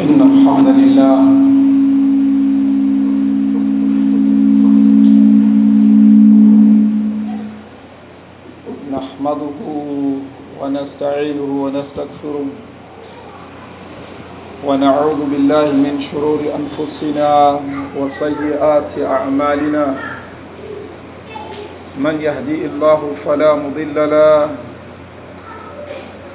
إن الحمد لله نحمده ونستعينه ونستغفره ونعوذ بالله من شرور أنفسنا وسيئات أعمالنا من يهدي الله فلا مضل له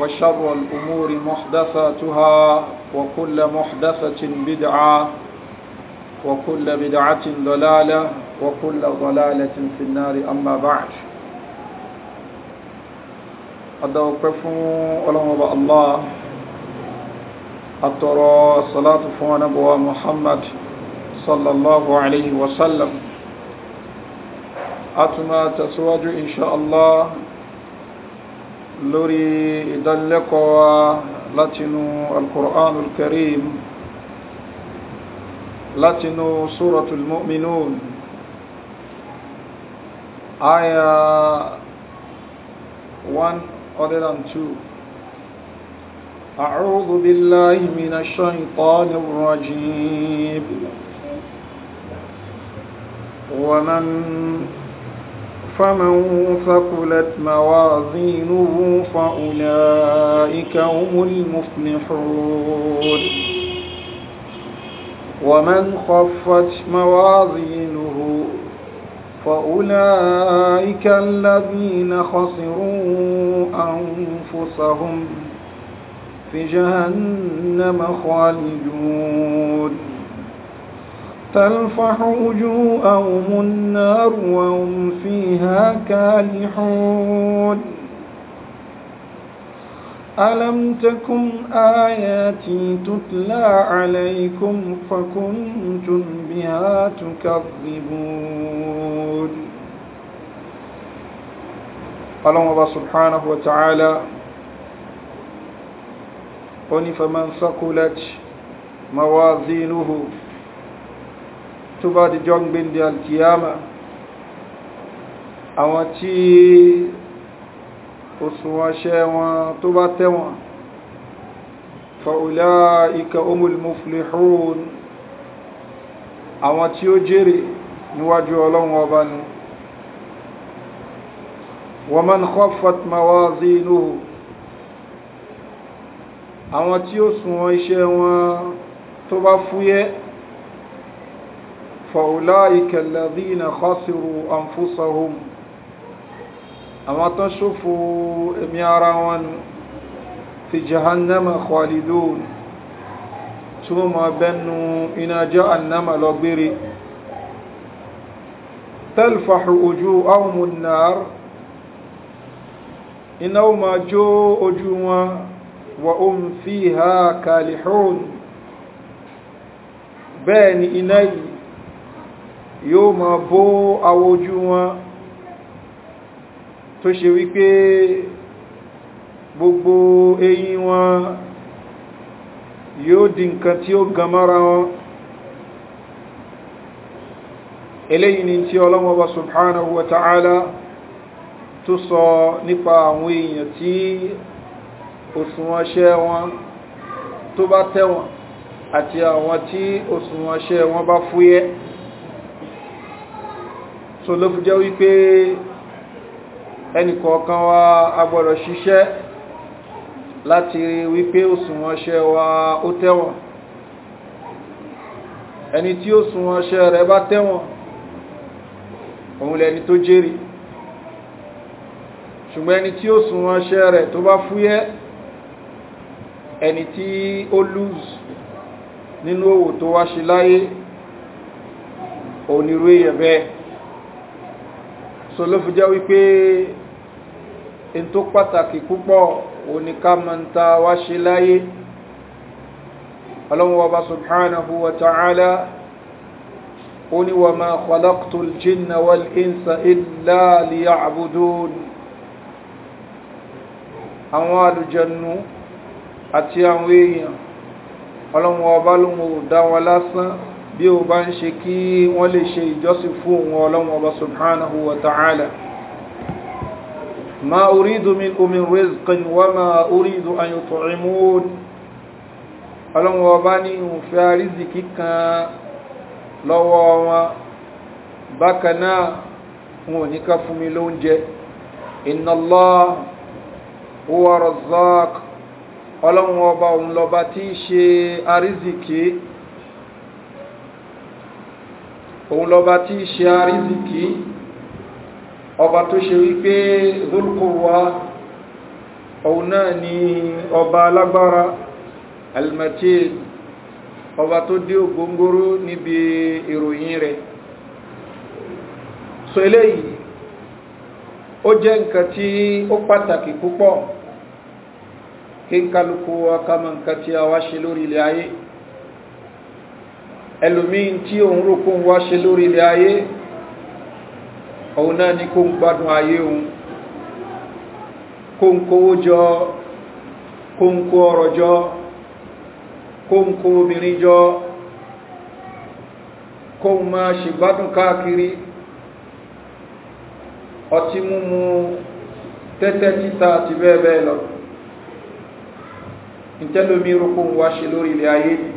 وشر الأمور محدثاتها وكل محدثة بدعة وكل بدعة ضلالة وكل ضلالة في النار أما بعد أدوقف ألم الله أترى صلاة فوانبوى محمد صلى الله عليه وسلم أتما تسواج إن شاء الله lórí ìdánilẹ́kọ̀ọ́ wa látinú alkùránù karim látinú suratul mu'minun aya 102 أعوذ بالله من الشيطان الرجيم ومن فمن ثقلت موازينه فأولئك هم المفلحون ومن خفت موازينه فأولئك الذين خسروا أنفسهم في جهنم خالدون تلفح وجوههم النار وهم فيها كالحون ألم تكن آياتي تتلى عليكم فكنتم بها تكذبون قال الله سبحانه وتعالى قل فمن ثقلت موازينه tó bá di jọ ń gbé ní alkiyama àwọn tí òsùnwọ̀n ṣẹ́ wọn tó bá tẹ́wọ̀n fa'ula'ika umul muflihun àwọn tí ó jèrè níwájú ọlọ́run ọba ni wọ́n mọ́n kọfàt mawazinuhu àwọn tí ó sùn iṣẹ́ wọn tó bá fúyẹ́ فأولئك الذين خسروا أنفسهم أما تشوفوا ميارا في جهنم خالدون ثم بنوا إن جهنم لبري تلفح وجوههم النار إنهم جو وجوه وهم فيها كالحون بين إنيه yóò ma bó awojú wọn tó ṣe wípé gbogbo eyín wọn yóò di nǹkan tí ó gan mọ́ra wọn eléyìn ni tí ọlọ́mọba subhanahu wa ta'ala tó sọ nípa àwọn èèyàn tí òsùnwọ́ṣẹ́ wọn tó bá tẹ́wọ̀n àti àwọn tí òsùnwọ́ṣẹ́ wọn bá fúyẹ́ so ló fi jẹ́ wípé ẹnìkọ̀ọ̀kan wa a gbọ́dọ̀ ṣiṣẹ́ láti rí wípé òsùnwọ̀n ṣẹ́ wa ó tẹ́wọ̀n ẹni tí òsùnwọ̀n ṣẹ́ rẹ̀ bá tẹ́wọ̀n òun lẹni tó jèrè ṣùgbọ́n ẹni tí òsùnwọ̀n ṣẹ́ rẹ̀ tó bá fúyẹ́ ẹni tí ó lose nínú òwò tó wá ṣe láyé onírú èyẹ̀ bẹ́ẹ̀ so ló fi jẹ́ wípé n tó pàtàkì púpọ̀ òní ká mọ̀ ń ta wá ṣe láyé ọlọ́run ọba subhanahu wa ta'ala ó ní wà máa kọlọ́kùtù jìnnà wal insa illa àwọn àlùjànnú àti àwọn èèyàn ọlọ́run ọba lóhun ò lásán bí o bá ń ṣe kí wọ́n lè ṣe ìjọsìn fún òun ọlọ́run ọba subhanahu wa ta'ala ma orídu min omi rizqin wa ma orídu ayòtò imun ọlọ́run ọba ní ìfẹ́ àrízìkí kan lọ́wọ́ wọn bákan wọn ní ká fún mi lóúnjẹ inna allah ọba òun lọ́ba tí ṣe àrízìkí òun lọba tí í ṣe àrízìkí ọba tó ṣe wípé zulkowa òun náà ni ọba alágbára almatin ọba tó dé ògbóngóró níbi ìròyìn rẹ̀ so eléyìí ó jẹ́ nǹkan tí ó pàtàkì púpọ̀ kí n kálukú wa nǹkan tí a wá ṣe lórí ilẹ̀ ayé ẹlòmíín tí òun rò kó ń wá ṣe lórí ilẹ̀ ayé òun náà ni kó ń gbádùn ayé òun kó ń kówó jọ kó ń kó ọrọ̀ jọ kó ń kó obìnrin jọ kó ń máa ṣègbádùn káàkiri ọtí múmu tẹ́tẹ́ títa àti bẹ́ẹ̀ bẹ́ẹ̀ lọ ìtẹ́lómi rò kó ń wá ṣe lórí ilẹ̀ ayé ni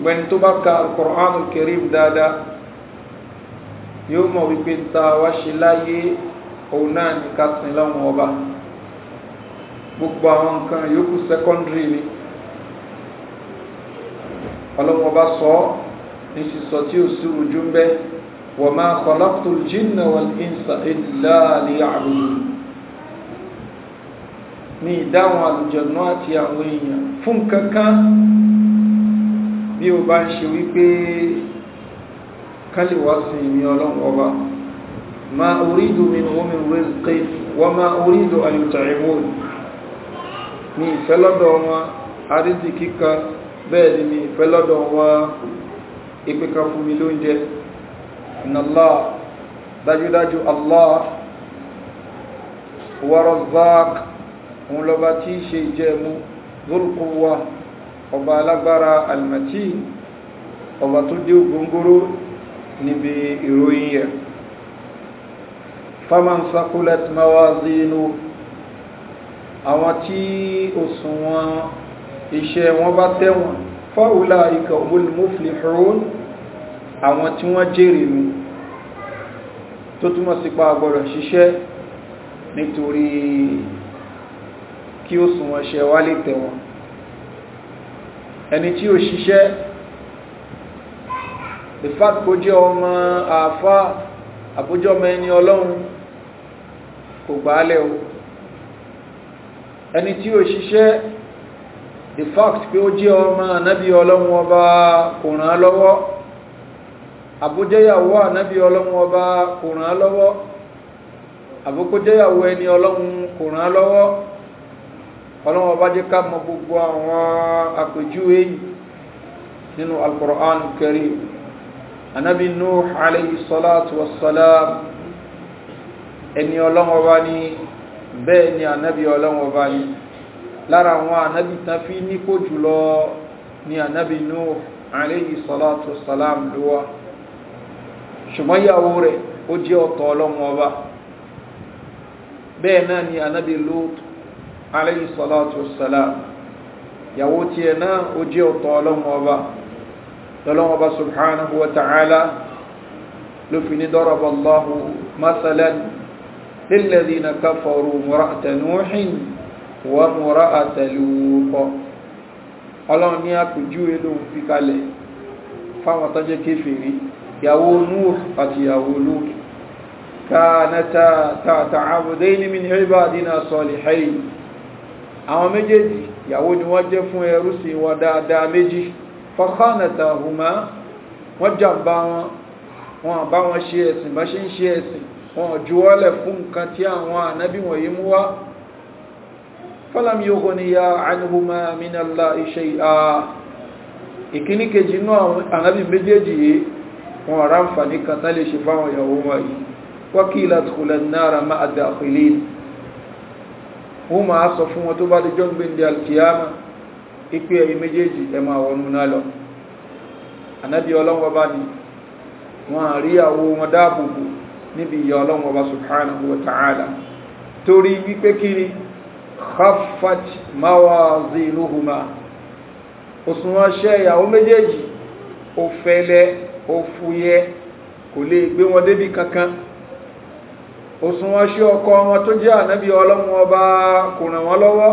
ṣùgbọ́n ẹni tó bá ka alukur'an karim dáadáa yóò mọ̀ wípé ta wá ṣe láyé òun náà ní ká sin láwọn ọba gbogbo àwọn nǹkan yòókù secondary ni ọlọ́mọba sọ ọ́ ní sísọ tí ó sì rújú bẹ́ wọ́n máa kọ̀lọ́pùtù jìnnà wọn ìsà ìlà àrùn ní ìdáhùn àlùjọ̀nù àti àwọn èèyàn fún kankan bí o bá ń ṣe wípé kálí wá sí ìmí ọlọ́run ọba ma orídò mi ni omi rizqi wọ́n ma orídò ayùtàrímọ́n ní ìfẹ́ lọ́dọ̀ wọn àrídì kíkà bẹ́ẹ̀ ni ní ìfẹ́ lọ́dọ̀ wọn ìpínkà fún mi lóúnjẹ ìnàlá dájúdájú allah tí í ṣe ìjẹ́mú zurkuwa ọba alágbára almati ọba tó dé gbogbo níbi ìròyìn ẹ̀ faman sakulat mawazinu àwọn tí òsùnwọn iṣẹ́ wọn bá tẹ́wọ̀n fáwọlá ikọ̀ olùmọ́fìlì hron àwọn tí wọ́n jèrè mú tó túnmọ̀ sípa agbọ̀rọ̀ ṣiṣẹ́ nítorí kí ó sùn wọn ṣe wá tẹ̀wọ̀n ẹni tí ó ṣiṣẹ́ the fact kó jẹ́ ọmọ àfá àbójọ́ ọmọ ẹni ọlọ́run kò gbálẹ̀ o ẹni tí ó ṣiṣẹ́ the fact pé ó jẹ́ ọmọ ànábí ọlọ́run ọba kò ràn án lọ́wọ́ àbójẹ́yàwó ànábí ọlọ́run ọba kò ràn án lọ́wọ́ àbókójẹ́yàwó ẹni ọlọ́run kò ràn án lọ́wọ́ ọlọ́wọ́ bá jẹ́ ká mọ gbogbo àwọn àpèjúwe yìí nínú alkur'an karim anabi nuh alayhi salatu wassalam ẹni ọlọ́wọ́ bá ní bẹ́ẹ̀ ni anabi ọlọ́wọ́ bá ní lára àwọn anabi tán fi ní kó jùlọ ni anabi nuh alayhi wassalam lówà ṣùgbọ́n rẹ̀ ó jẹ́ ọ̀tọ̀ ọlọ́wọ́ bá bẹ́ẹ̀ náà ni anabi lóòtù alayhi salatu wassalam ìyàwó tiẹ̀ náà ó jẹ́ ọ̀tọ̀ ọlọ́run ọba lọ́lọ́run ọba subhanahu wa ta'ala ló fi ní dọ́rọ̀bà allahu masalan lílẹ̀dínà káfọ̀rù mura'ata nuhin wa mura'ata lùkọ́ ọlọ́run ní àpèjúwe ló ń fi kalẹ̀ fáwọn tó كانتا تعبدين من عبادنا صالحين àwọn méjèèjì ìyàwó ni wọ́n jẹ́ fún ẹrú sí wọn dáadáa méjì fọ́kànnàtà hùmá wọ́n jàmbá wọn wọn bá wọn ṣe ẹ̀sìn bá ṣe ń ṣe ẹ̀sìn wọn juwọ́lẹ̀ fún nǹkan tí àwọn ànábí wọ̀nyí mú wá fọ́lámi ogun ni ya wọ́n máa sọ fún wọn tó bá lè jọ́gbé ní alkiyama ipé ẹ̀yìn méjèèjì ẹ máa wọnú náà lọ anábí ọlọ́wọ́ba ni wọ́n à rí àwọ wọn dáàbòbò níbi ìyà ọlọ́wọ́ba subhanahu wa kiri khaffat mawazinuhuma òsùnwọ́n ṣẹ́ ìyàwó méjèèjì ó fẹ́lẹ́ ó fúyẹ́ kò lè òsùnwọ́n ọkọ wọn tó jẹ́ ànábí ọlọ́run ọba kò ràn wọ́n lọ́wọ́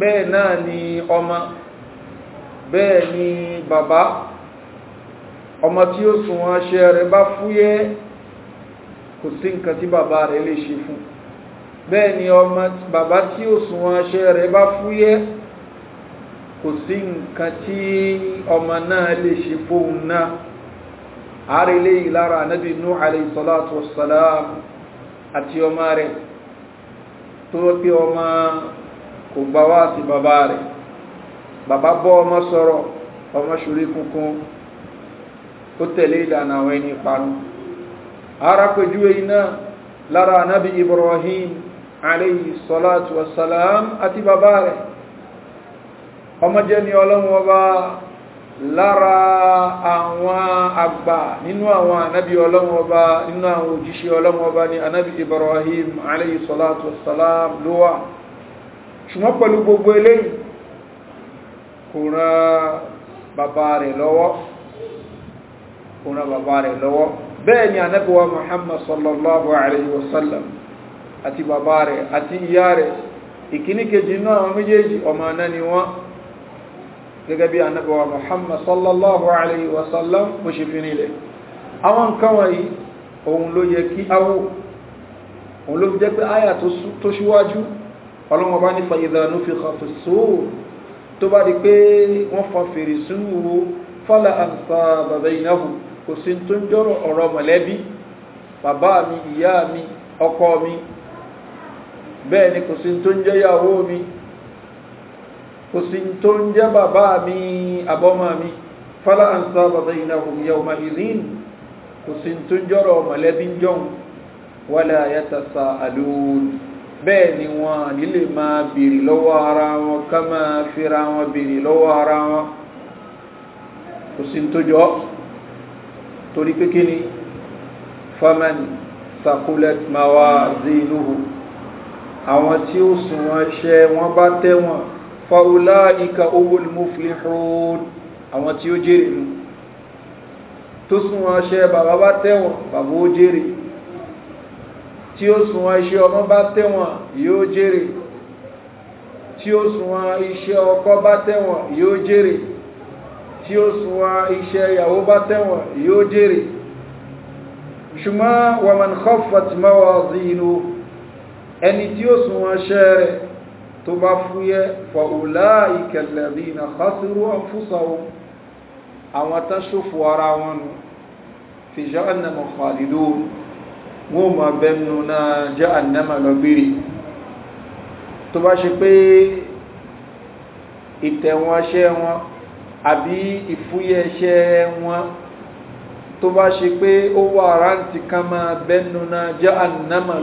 bẹ́ẹ̀ náà ni ọmọ bẹ́ẹ̀ ni bàbá ọmọ tí ó sùnwọ́n rẹ̀ bá fúyẹ́ kò sí nǹkan tí bàbá rẹ̀ lè ṣe fún bẹ́ẹ̀ ni ọmọ bàbá tí ó rẹ̀ bá fúyẹ́ kò ààrẹ ilé yìí lára anábì nú alayhi salatu wassalam àti ọmọ rẹ̀ tó pé ọmọ kò gbà wá sí bàbá rẹ̀ bàbá bọ́ ọmọ sọ̀rọ̀ ọmọ ṣorí kunkun ó tẹ̀lé ìlànà àwọn ẹni parun ara pẹ̀júwe iná lára anábì ibrahim alayhi salatu àti bàbá rẹ̀ ọmọ jẹ́ ni ọlọ́run ọba lára àwọn àgbà nínú àwọn ànábí ọlọ́wọ́ ọba nínú àwọn òjíṣẹ́ ọlọ́wọ́ ọba ni ànábí ibrahim alayhi salatu wassalam ló wà ṣùgbọ́n pẹ̀lú gbogbo eléyìí kò ràn bàbá rẹ̀ lọ́wọ́ kò ràn bàbá rẹ̀ lọ́wọ́ bẹ́ẹ̀ ni ànábí wa muhammad sallallahu alayhi wasallam àti bàbá rẹ̀ àti ìyá rẹ̀ ìkíníkejì náà méjèèjì ọmọ náà ni wọ́n gẹ́gẹ́ bí anábọ̀wà muhammad sallallahu alayhi wa sallam bó ṣe fi nílẹ̀ àwọn nǹkan wọ̀nyí òun ló yẹ kí awò òun ló fi jẹ́ pé àyà tó ṣíwájú ọlọ́mọba ní fàyídànú fi kàfẹ́ sóò tó bá di pé wọ́n fa fèrè sínú wo àǹsà kò sí tó ń jẹ́ bàbá mi àbọ́mọ́ mi fálá ànsá bàbá ìnáhùn yawma ìdín kò sí tó ń jọ́rọ̀ mọ̀lẹ́bí jọun wala yatasaalun bẹ́ẹ̀ ni wọn nílé máa bèèrè lọ́wọ́ ara wọn ká máa fira wọn bèèrè lọ́wọ́ ara wọn kò sí tó jọ torí pé kí ni faman sakulet àwọn tí ó sùn wọn ṣe wọn bá tẹ́wọ̀n fàúlá ìka owó ni mo fi hùn àwọn tí ó jèrè nù tó sún wọn ṣe bàbá bá tẹ́wọ̀n bàbá ó jèrè tí ó sún wọn iṣẹ́ ọmọ bá tẹ́wọ̀n yóò jèrè tí ó sún iṣẹ́ ọkọ bá tẹ́wọ̀n yóò jèrè tí ó sún iṣẹ́ ìyàwó bá tẹ́wọ̀n yóò jèrè ṣùgbọ́n wọ́n mọ̀ tí máa wà ọ̀dí inú ẹni tí ó sún wọn rẹ̀ tó bá fúyẹ́ fa ulaika alladhina khasiru anfusahum àwọn tán ṣòfò ara wọn nù fi jahannama khalidun wọ́n ma bẹ́nu náà jahannama lọ́gbìrì tó bá ṣe pé ìtẹ̀wọ̀n ṣẹ́ wọn àbí ìfúyẹ́ ṣẹ́ wọn tó bá ṣe pé ó wà rántí ká máa bẹ́nu náà jahannama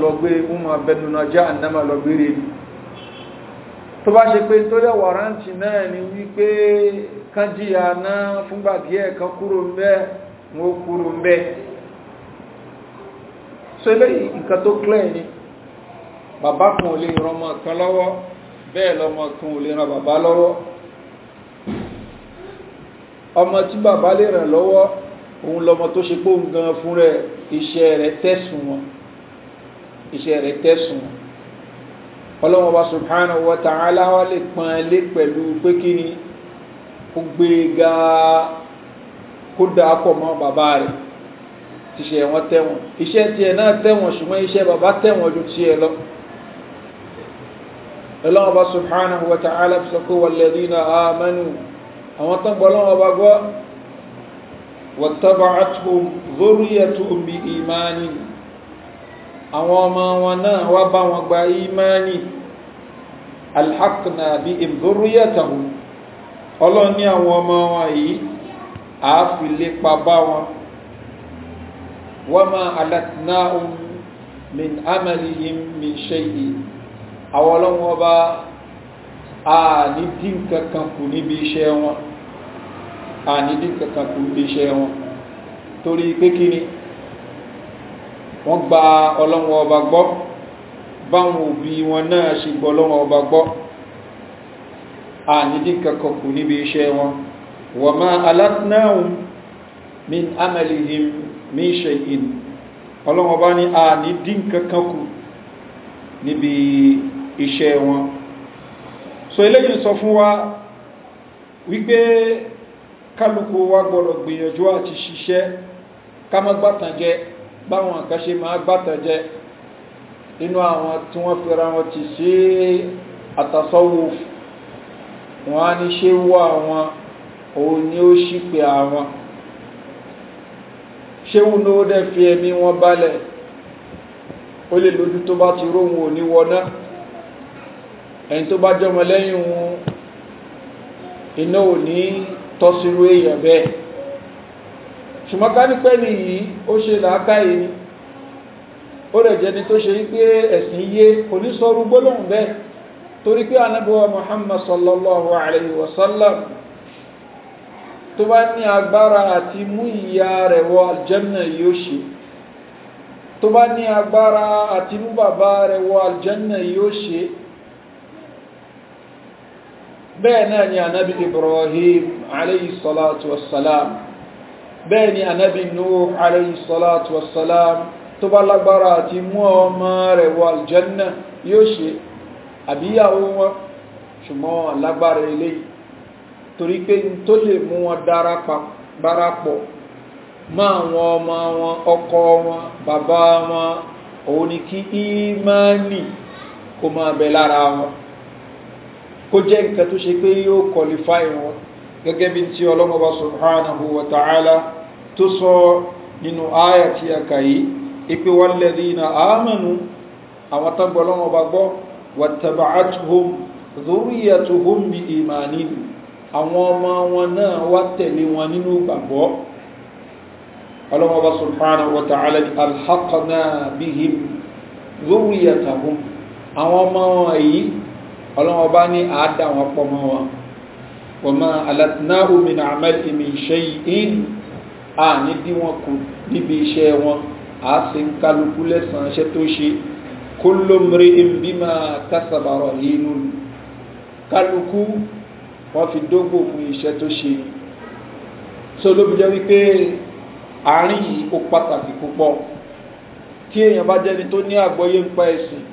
lọ́gbìrì tó bá ṣe pé tó lẹ́wọ̀ rántí náà ni wípé kán jíyà náà fúngbà díẹ̀ kan kúrò ń bẹ́ wọn ó kúrò ń bẹ́ so eléyìí nǹkan tó clear ni bàbá kan ò lè ran ọmọ kan lọ́wọ́ bẹ́ẹ̀ lọ́mọ kan ò lè ran bàbá lọ́wọ́ ọmọ tí bàbá lè ràn lọ́wọ́ òun lọmọ tó ṣe pé òun gan fún rẹ̀ iṣẹ́ rẹ̀ tẹ̀sùn wọn ọlọ́wọ́n bá subhanahu wa ta'ala wá lè pọn lé pẹ̀lú pé kí ni ó gbé ga kó dáa pọ̀ mọ́ bàbá rẹ̀ tíṣẹ́ wọn tẹ̀wọ̀n iṣẹ́ tiẹ̀ náà tẹ̀wọ̀n ṣùgbọ́n iṣẹ́ bàbá tẹ̀wọ̀n ju tiẹ̀ lọ ọlọ́wọ́n bá subhanahu àwọn ọmọ wọn náà wá bá wọn gba ìmánì alhaqna bí ìbúrúyàtàwù ọlọ́run ní àwọn ọmọ wọn yìí àáfi lépa bá wọn wọ́n máa alatna ohun min amalihim min ṣeyi àwọn ọlọ́run ọba àní dín kankan kù níbi iṣẹ́ wọn àní dín kankan kù níbi iṣẹ́ wọn torí pé kí ni wọ́n gba ọlọ́wọ́ ọba gbọ́ báwọn òbí wọn náà ṣe gbọ́ ọlọ́wọ́ ọba gbọ́ ànídí kù níbi iṣẹ́ wọn wà máa alátnáhùn min amalihim min shay'in ọlọ́wọ́ bá ní ànídí kankan kù níbi iṣẹ́ wọn so eléyìí sọ fún wa wípé kálukú wa gbọ́dọ̀ gbìyànjú àti ṣiṣẹ́ ká báwọn kan ṣe máa gbàtànjẹ nínú àwọn tí wọ́n fira wọn ti ṣe àtàsọ́wò wọn á ní ṣe wọ́ àwọn òun ni ó ṣípe àwọn ṣéwù ní ó dẹ̀ fi ẹ̀mí wọn balẹ̀ ó lè lójú tó bá ti róhun òní wọná ẹni tó bá jọmọ lẹ́yìn wọn iná ò tọ́sírú èèyàn bẹ́ẹ̀ ṣùgbọ́n ká ní pẹ́ nìyí ó ṣe làákàyè ni ó rẹ̀ jẹ́ni tó ṣe wípé ẹ̀sìn yé kò ní sọ orú gbólóhùn bẹ́ẹ̀ torí pé anábíwá muhammad sallallahu alayhi wa sallam tó bá ní agbára àti mú ìyá rẹ̀ wọ aljanna yóò ṣe tó bá ní agbára àti mú bàbá rẹ̀ wọ aljanna yóò ṣe bẹ́ẹ̀ náà ni anábí ibrahim alayhi salatu wa salam bẹ́ẹ̀ ni anabi nuhu alayhi salatu wassalam tó bá lágbára àti mú ọmọ rẹ̀ wọ aljanna yóò ṣe àbíyàwó wọn ṣùgbọ́n lágbára eléyìí torí pé tó lè mú wọn darapọ̀ mọ́ àwọn ọmọ wọn ọkọ wọn bàbá wọn òun ni kí ìmánì kó máa bẹ lára wọn kó jẹ́ nǹkan tó ṣe pé yóò kọlifáì wọn gẹ́gẹ́ bí tí ọlọ́mọba subhanahu wa ta'ala tó sọ nínú ayà tí a kàyí ipi wọ́lẹ̀dí na ámànú àwọn tàbí ọlọ́mọba gbọ́ wàtàbàátuhum zuriyatuhum bi imanin àwọn ọmọ wọn náà wá tẹ̀lé wọn nínú gbàgbọ́ wọ́mọ́ alatináhù mi na àmẹ́lì ìmì iṣẹ́ yìí a ní dí wọn kù níbi iṣẹ́ wọn a sì ń kálukú lẹ́sàn iṣẹ́ tó ṣe kó ló mẹ́rẹ́ ìbí máa kásàbàrọ̀ nínú kálukú wọ́n fi dógò fún iṣẹ́ tó ṣe so ló wípé àárín yìí ó pàtàkì púpọ̀ tí èèyàn bá jẹ́ni tó ní àgbọ́yé ń pa ẹ̀sìn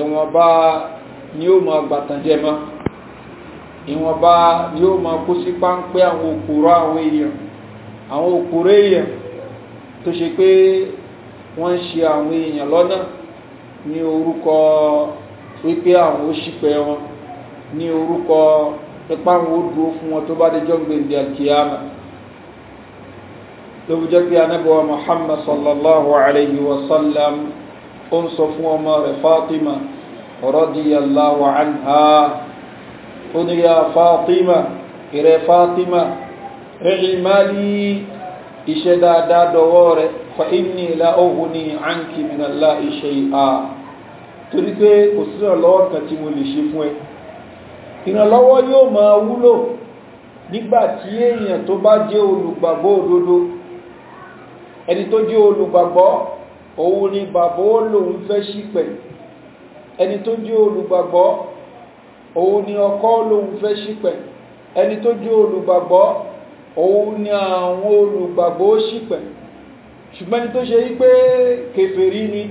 ẹ̀wọ̀n bá ni ó mọ àgbàtàn jẹ́ máa ìwọ̀nba yóò máa kó sí páńpẹ́ àwọn òkúrò àwọn èèyàn àwọn òkúrò èèyàn tó ṣe pé wọ́n ń ṣe àwọn èèyàn lọ́nà ní orúkọ wípé àwọn ó ṣìpẹ̀ wọn ní orúkọ ipa àwọn ó dúró fún wọn tó bá dé jọ́ngbèndé alkiyama ló fi jẹ́ pé anábọ̀wá muhammad sallallahu alayhi wa sallam ó ń sọ fún ọmọ rẹ̀ fatima rọ́díyàlláhu anha ó ní ya Fatima ìrẹ Fatima rẹ̀ máàlì iṣẹ́ dáadáa dọwọ́ rẹ̀ fa inni la ughni anki minallahi shay'a torí pé kò sí ìrànlọ́wọ́ kan tí mo lè ṣe fún ẹ ìrànlọ́wọ́ yóò máa wúlò nígbàtí èèyàn tó bá jẹ́ olùgbàgbọ́ òdodo ẹni tó jẹ́ olùgbàgbọ́ òun ni bàbá ó lòun fẹ́ ṣìpẹ̀ ẹni tó jẹ́ olùgbàgbọ́ òun ni ọkọ lòun fẹ́ ṣìpẹ̀ ẹni tó jẹ́ olùgbàgbọ́ òun ni àwọn olùgbàgbọ́ ṣìpẹ̀ ṣùgbọ́n ẹni tó ṣe yí pé kèfèrí ni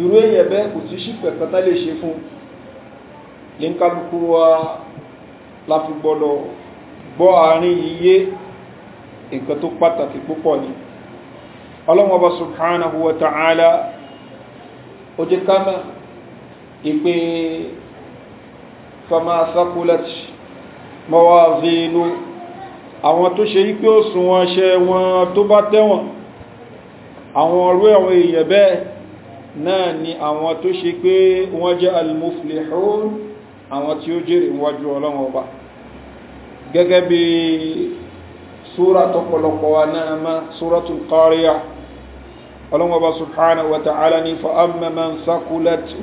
irú èyẹ kò sí ṣìpẹ̀ kátá lè ṣe fún lẹ́ńkálukú wa la fi gbọ́dọ̀ gbọ́ àárín yíyé nǹkan tó pàtàkì púpọ̀ ni ọlọ́wọ́ subhanahu wa ta'ala ó jẹ́ fama sakulat mawazinu àwọn tó ṣe wípé ó sùn wọn ṣe wọn tó bá tẹ́wọ̀n àwọn ọrú àwọn èèyàn bẹ́ẹ̀ náà ni àwọn tó ṣe pé wọ́n jẹ́ almuflihun àwọn tí ó jèrè wájú ọlọ́run ọba gẹ́gẹ́ bí súra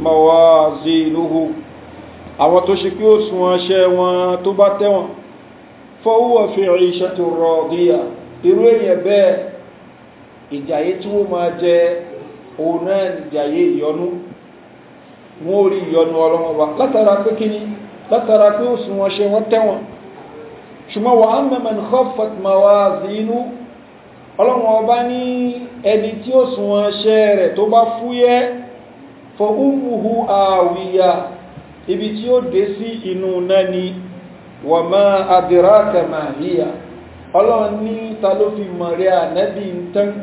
wa náà àwọn tó ṣe pé ó sun ọṣẹ́ wọn tó bá tẹ́wọ̀n fọ́wọ́ fi rí iṣẹ́ tó rọ díyà irú èyàn bẹ́ẹ̀ ìjàyé tí wọ́n máa jẹ òun náà ìjàyé ìyọnú wọ́n ò rí ìyọnú ọlọ́mọba látara pé kíní látara pé ó sun ọṣẹ́ wọn tẹ́wọ̀n ṣùgbọ́n wà á mẹ́mẹ́ ní hofat mawazinu ọlọ́wọ́n ní ẹni tí ó sun ọṣẹ́ rẹ̀ tó bá fúyẹ́ fọ́ ibi tí ó dé sí inú náà ni wà máa àdìrá kàmáhíyà ọlọ́run ní talofi ló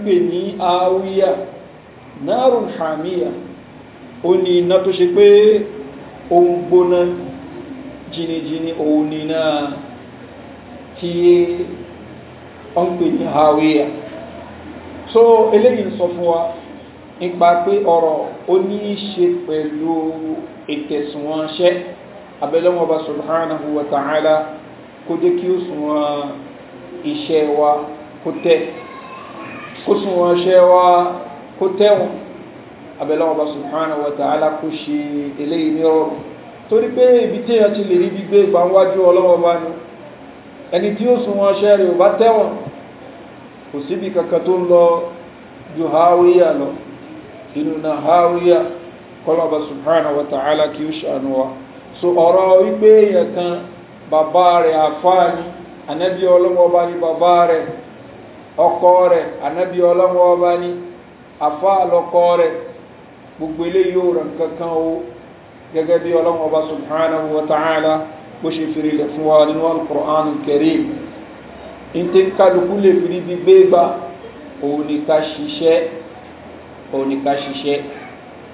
fi ń ní àwíyà náàrùn hàmíyà ó ní tó ṣe pé ohun gbóná òun ni náà tí ó ń àwíyà so eléyìn ń sọ fún wa nípa pé ọ̀rọ̀ ìtẹ̀sùnwọ̀nṣẹ́ abẹ́lẹ́wọ̀n bá subhanahu wa ta'ala kó jẹ́ kí ó sùnwọ̀n iṣẹ́ wa kó tẹ́ kó sùnwọ̀n iṣẹ́ wa kó tẹ́wọ̀n abẹ́lẹ́wọ̀n bá subhanahu wa ta'ala kó ṣe eléyìí ní ọrọ̀ torí pé ibi tí èèyàn ti lè rí gbígbé ìgbàwájú ọlọ́wọ́ bá kọlọ́ba subhanahu wa ta'ala kí ó ṣàánú wa so ọ̀rọ̀ wípé èèyàn kan bàbá rẹ̀ àfáà ni ànábì ọlọ́wọ́ bá ní bàbá rẹ̀ ọkọ rẹ̀ ànábì ọlọ́wọ́ bá ní àfáà lọ́kọ rẹ̀ gbogbo eléyìí ò rẹ̀ kankan o gẹ́gẹ́ bí ọlọ́wọ́ subhanahu wa ta'ala bó ṣe fèrè lẹ̀ fún wa nínú alukur'an kẹrin ní kálukú lè fi rí gbé gbà òun ni ká ṣiṣẹ́ òun ni ká ṣiṣẹ́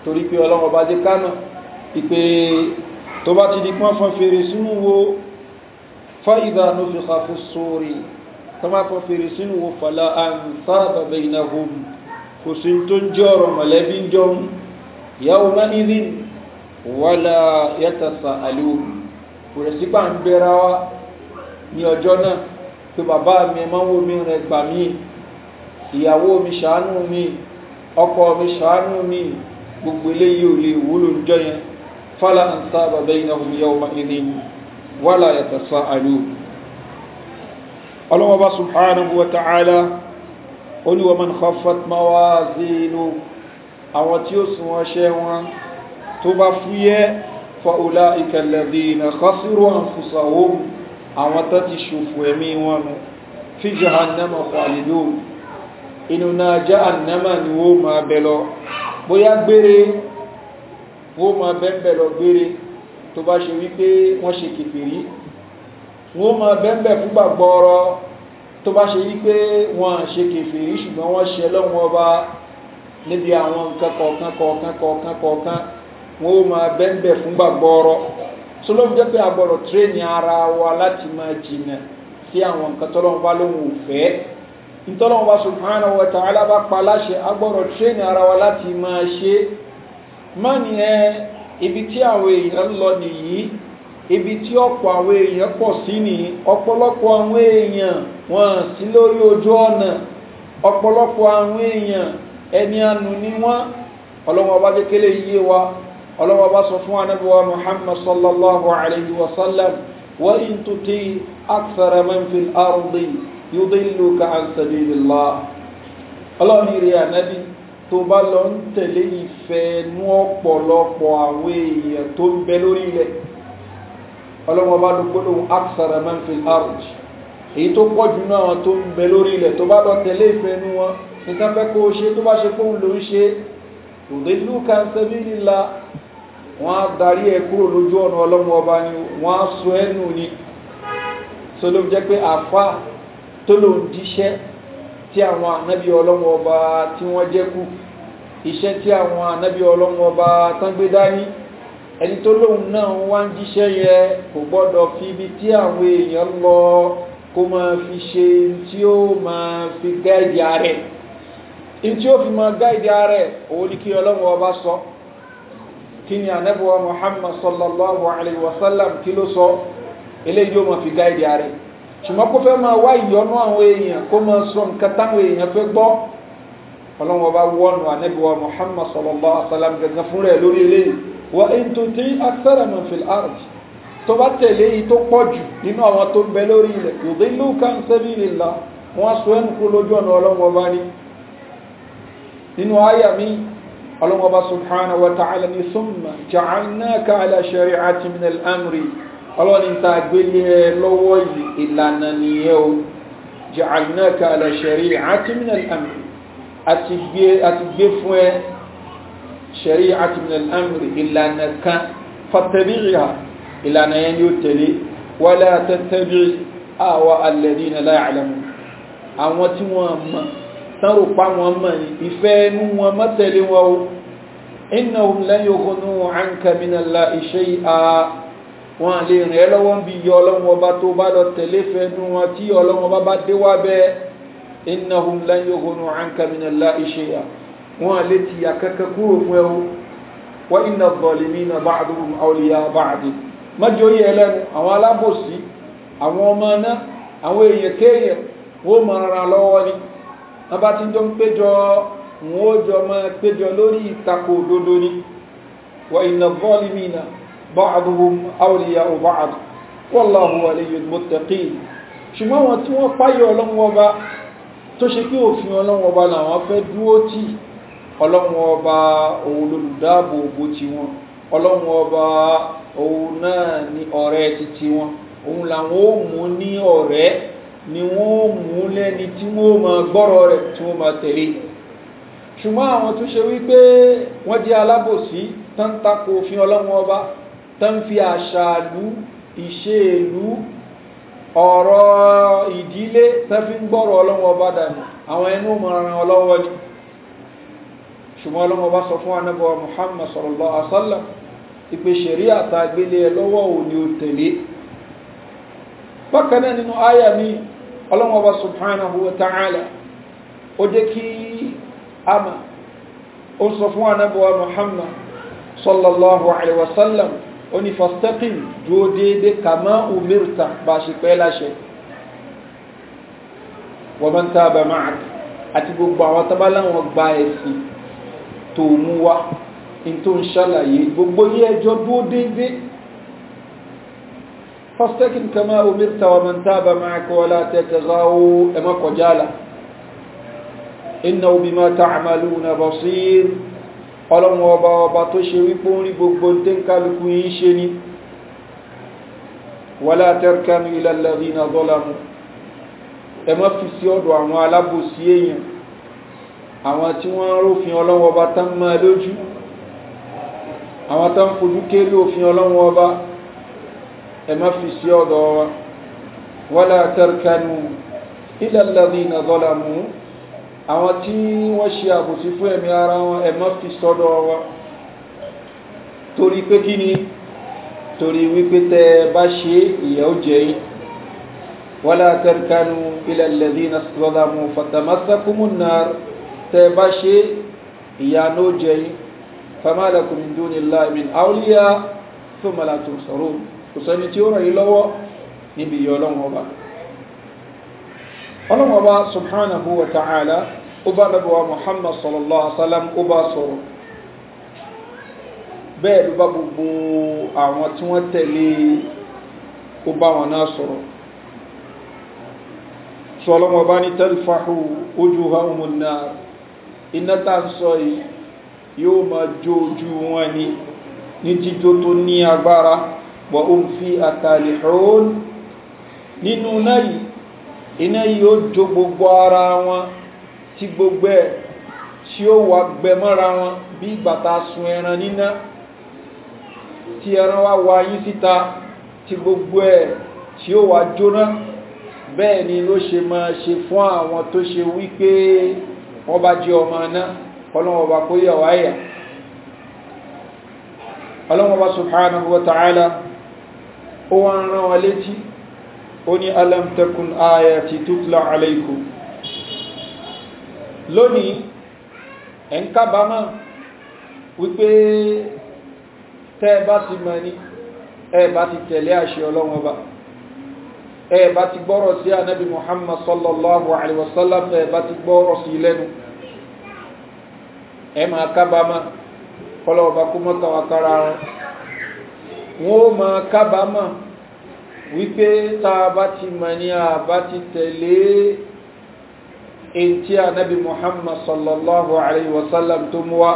torí pé ọlọ́run ọba jẹ́ kánà ìpè tó bá ti di pọ́n fọn fèrè sínú wo fáìdà ló fi kà fún sórí tó bá fọn fèrè sínú wo fàlà àǹfààbà bẹ̀yìnà hom kò sí tó wa ní ọjọ́ náà pé bàbá mi ẹ̀ máa ń mi rẹ̀ gbà mí ìyàwó mi ṣàánú mi ọkọ mi ṣàánú mi gbogbo eléyìí ò lè wúlò níjọ́ yẹn fala ansaba bainahum yawma idhin wala yatasaalu ọlọ́wọ́ba subhanahu wa ta'ala olúwa man khaffat mawazinu àwọn tí ó sùn bá fúyẹ́ fa ulaika alladhina khasiru anfusahum àwọn tó ni wọ́n máa bẹ bóyá gbére wọ́n ma bẹ́ẹ̀bẹ̀ lọ gbére tó bá ṣe wípé wọ́n ṣe kèfèrí wọ́n ma bẹ́ẹ̀bẹ̀ fúgbà gbọ́ọ̀rọ̀ tó bá ṣe wípé wọ́n ṣe kèfèrí ṣùgbọ́n wọ́n ṣe lọ́wọ́ ọba níbi àwọn nǹkan kọ̀ọ̀kan kọ̀ọ̀kan kọ̀ọ̀kan kọ̀ọ̀kan wọ́n ma bẹ́ẹ̀bẹ̀ fúgbà gbọ́ọ̀rọ̀ tó ló jẹ́ pé a gbọ́dọ̀ tréní ara wa láti máa jìnà sí àwọn nǹkan tọ́lọ́wọ́ bá lóhun ò fẹ́ẹ́ ìtọ́lọ́wọ́ bá subhanahu wa ta'ala bá pa láṣẹ agbọ́rọ̀ tírẹ́nì ara wa láti máa ṣe má ní ẹ ibi tí àwọn èèyàn lọ nìyí ibi tí ọ̀pọ̀ àwọn èèyàn pọ̀ sí ní ọ̀pọ̀lọpọ̀ àwọn èèyàn wọn sí lórí ojú ọ̀nà ọ̀pọ̀lọpọ̀ àwọn èèyàn ẹni ànú ni wọ́n ọlọ́wọ́ bá jẹ́kẹ́lẹ̀ yíye wa ọlọ́wọ́ bá sọ fún anábíwá muhammad sallallahu alayhi wa sallam wa in tuti akthara man ardi yudilluka an sabilillah ọlọ́run rí ànábì tó bá lọ ń tẹ̀lé ìfẹ́ nú ọ̀pọ̀lọpọ̀ àwọn èèyàn tó ń bẹ lórí ilẹ̀ ọlọ́wọ́ bá ló gbólóhùn aksara man fil ard èyí tó pọ̀ jù náà tó ń bẹ lórí ilẹ̀ tó bá lọ tẹ̀lé ìfẹ́ nú wọn nǹkan fẹ́ kó o ṣe tó bá ṣe kó ń lò ń ṣe yudilluka an sabilillah wọ́n á darí ẹ kúrò lójú ọ̀nà ọlọ́mọ ọba ni wọ́n á sọ ẹnu ni so ló jẹ́ pé àfáà tó ló ń jíṣẹ́ tí àwọn ànábì ọlọ́run ọba tí wọ́n jẹ́ kú iṣẹ́ tí àwọn ànábì ọlọ́run ọba tán gbé dání ẹni tó lóun náà wá ń jíṣẹ́ yẹ kò gbọ́dọ̀ fi ibi tí àwọn èèyàn lọ kó máa fi ṣe tí ó máa fi gáìdì ààrẹ tí ó fi máa gáìdì ààrẹ òun ni kí ọlọ́run ọba sọ kí ni ànábì wa muhammad sallallahu alaihi wasallam kí ló sọ eléyìí ó máa fi gáìdì ààrẹ ṣùgbọ́n kó fẹ́ máa wá ìyọnú àwọn èèyàn kó máa sọ nǹkan táwọn èèyàn fẹ́ gbọ́ ọlọ́run ọba wọnú anabiwa muhammad sallallahu alaihi wa sallam gẹ́gẹ́ fúnra ẹ̀ lórí eléyìí wa intuti aksara man fil ard tó bá tẹ̀lé yìí tó pọ̀ jù nínú àwọn tó ń bẹ lórí ilẹ̀ yòdìlú kan sabilillah wọ́n sọ ẹnu kúrò lójú ọ̀nà ọlọ́run ọba ni nínú àyà mi ọlọ́run ọba subhanahu wa ta'ala ni summa ja'alnaka ala shari'ati min al-amri ọlọ́ni tá a gbé lé ẹ lọ́wọ́ yìí ìlànà nìyẹn o ja'alnaka ala shari'ati min al-amr àti gbé fún ẹ shari'ati min al-amr ìlànà kan fattabi'ha ìlànà yẹn yóò tẹ̀lé wala tattabi' àwa alladhina la ya'lamun àwọn tí wọ́n mọ̀ tánrò pa wọn lè rìn ẹ́ lọ́wọ́ ń yọ ọba tó bá lọ tẹ̀lé fẹ́nu wọn tí ọlọ́run ọba bá dé wá bẹ́ẹ̀ wọn lè ti yà kankan kúrò fún ẹ o wa inna adh-dhalimina ba'duhum awliya ba'd mọ́jọ́ yẹ lẹ́nu àwọn alábòsí àwọn ọmọ náà àwọn èèyàn kéèyàn wọ́n mọ̀ rárá lọ́wọ́ ni wọ́n bá ti ń péjọ wọ́n ó jọ máa péjọ wa ba'duhum awliya'u ba'd wallahu waliyyul muttaqin ṣùgbọ́n wọn tí wọ́n páyọ̀ ọlọ́run ọba tó ṣe pé òfin ọlọ́run ọba làwọn fẹ́ dúró tì ọlọ́run ọba òun lolùdáàbò ògbó ti wọn ọlọ́run ọba òun náà ni ọ̀rẹ́ ti ti wọn òun làwọn ó mú ní ọ̀rẹ́ ni wọ́n mú lẹ́ni tí wọ́n ma gbọ́rọ̀ rẹ̀ tí wọ́n ma tẹ̀lé ṣùgbọ́n àwọn tó ṣe wípé wọ́n jẹ́ alábòsí tán tako òfin ọlọ́run ọba tán fi àṣàlú ìṣèlú ọ̀rọ̀ ìdílé tán fi ń gbọ́rọ̀ ọlọ́wọ́ bá dànù àwọn ẹnu mọ̀ràn ọlọ́wọ́ ni ṣùgbọ́n ọlọ́wọ́ bá sọ fún anábọ̀ muhammad sọ̀rọ̀lọ́ asálà ìpè ṣẹ̀rí àtàgbélé ẹlọ́wọ́ ò ní ó tẹ̀lé bákan sallallahu alaihi wasallam ó ní fọ́stẹ́pìn dúó déédé kàmọ́ umirta bá ṣe pẹ́ láṣẹ wọ́n máa ń tábà máa àti gbogbo àwọn tábà láwọn gba ẹ̀sìn tó mú wá in tó ń ṣàlàyé gbogbo yẹ ẹjọ́ dúó déédé fọ́stẹ́pìn kàmọ́ umirta wọ́n máa ń tábà máa kọ́ wọ́n láti ráwó ẹ̀mọ́ kọjá inna obi ma ta na basir ọlọ́run ọba ọba tó ṣe wípó ń rí gbogbo tí ń kálukú yí ṣe ní wọlá tẹ́rkánú ilẹ̀lẹ́rí na zọ́lámù ẹmọ́ fi sí ọ̀dọ̀ àwọn alábòsí èèyàn àwọn tí wọ́n rófin ọlọ́run ọba tán mọ́ lójú àwọn tí wọ́n ṣe àbòsí fún ẹ̀mí ara wọn ẹ̀mọ́ fi sọ́dọ̀ wọn torí pé kí ni torí wípé tẹ́ bá ṣe ìyẹ́ ó jẹ́ yìí wọ́lá tẹ́rkanu ilẹ̀ lẹ́dí na sọ́dọ̀mù fàtàmásàkùmù náà tẹ́ bá ṣe ìyànó ọlọ́wọ́n bá subhanahu wa ta'ala ó bá lọ́bọ̀ wa muhammad sallallahu alaihi wasallam ó bá sọ̀rọ̀ bẹ́ẹ̀ ló bá gbogbo àwọn tí wọ́n tẹ̀lé e, ó bá wọn náà sọ̀rọ̀ sọlọ́wọ́n bá ní tẹ́lifáhù ojú ha òmùnà náà iná yìí ó jó gbogbo ara wọn tí gbogbo ẹ̀ tí ó wà gbẹ mọ́ra wọn bí ìgbà tá sun ẹran níná tí ẹran wá wá yí síta tí gbogbo ẹ̀ tí ó wà jóná bẹ́ẹ̀ ni ló ṣe máa ṣe fún àwọn tó ṣe wípé wọ́n bá jẹ́ ọmọ náà ọlọ́wọ́ bá kó yẹ̀wà ẹ̀yà ọlọ́wọ́ bá subhanahu wa ta'ala ó wá rán wọn létí ó ní alamtakun ayati tutla aleikum lónìí ẹ̀ ń kábàámọ̀ wípé tẹ́ bá ti mọ̀ ní ẹ bá ti tẹ̀lé àṣẹ ọlọ́wọ́ bá ẹ bá ti gbọ́rọ̀ sí anábi muhammad sallallahu alaihi wasallam ẹ bá ti gbọ́rọ̀ sí lẹ́nu ẹ máa kábàámọ̀ kọlọ̀ ọba kó mọ́tàwákára wọn ó máa wípé tá a bá ti mọ̀ ní a bá ti tẹ̀lé ètí ànábì muhammad sallallahu alayhi wa sallam tó mú wa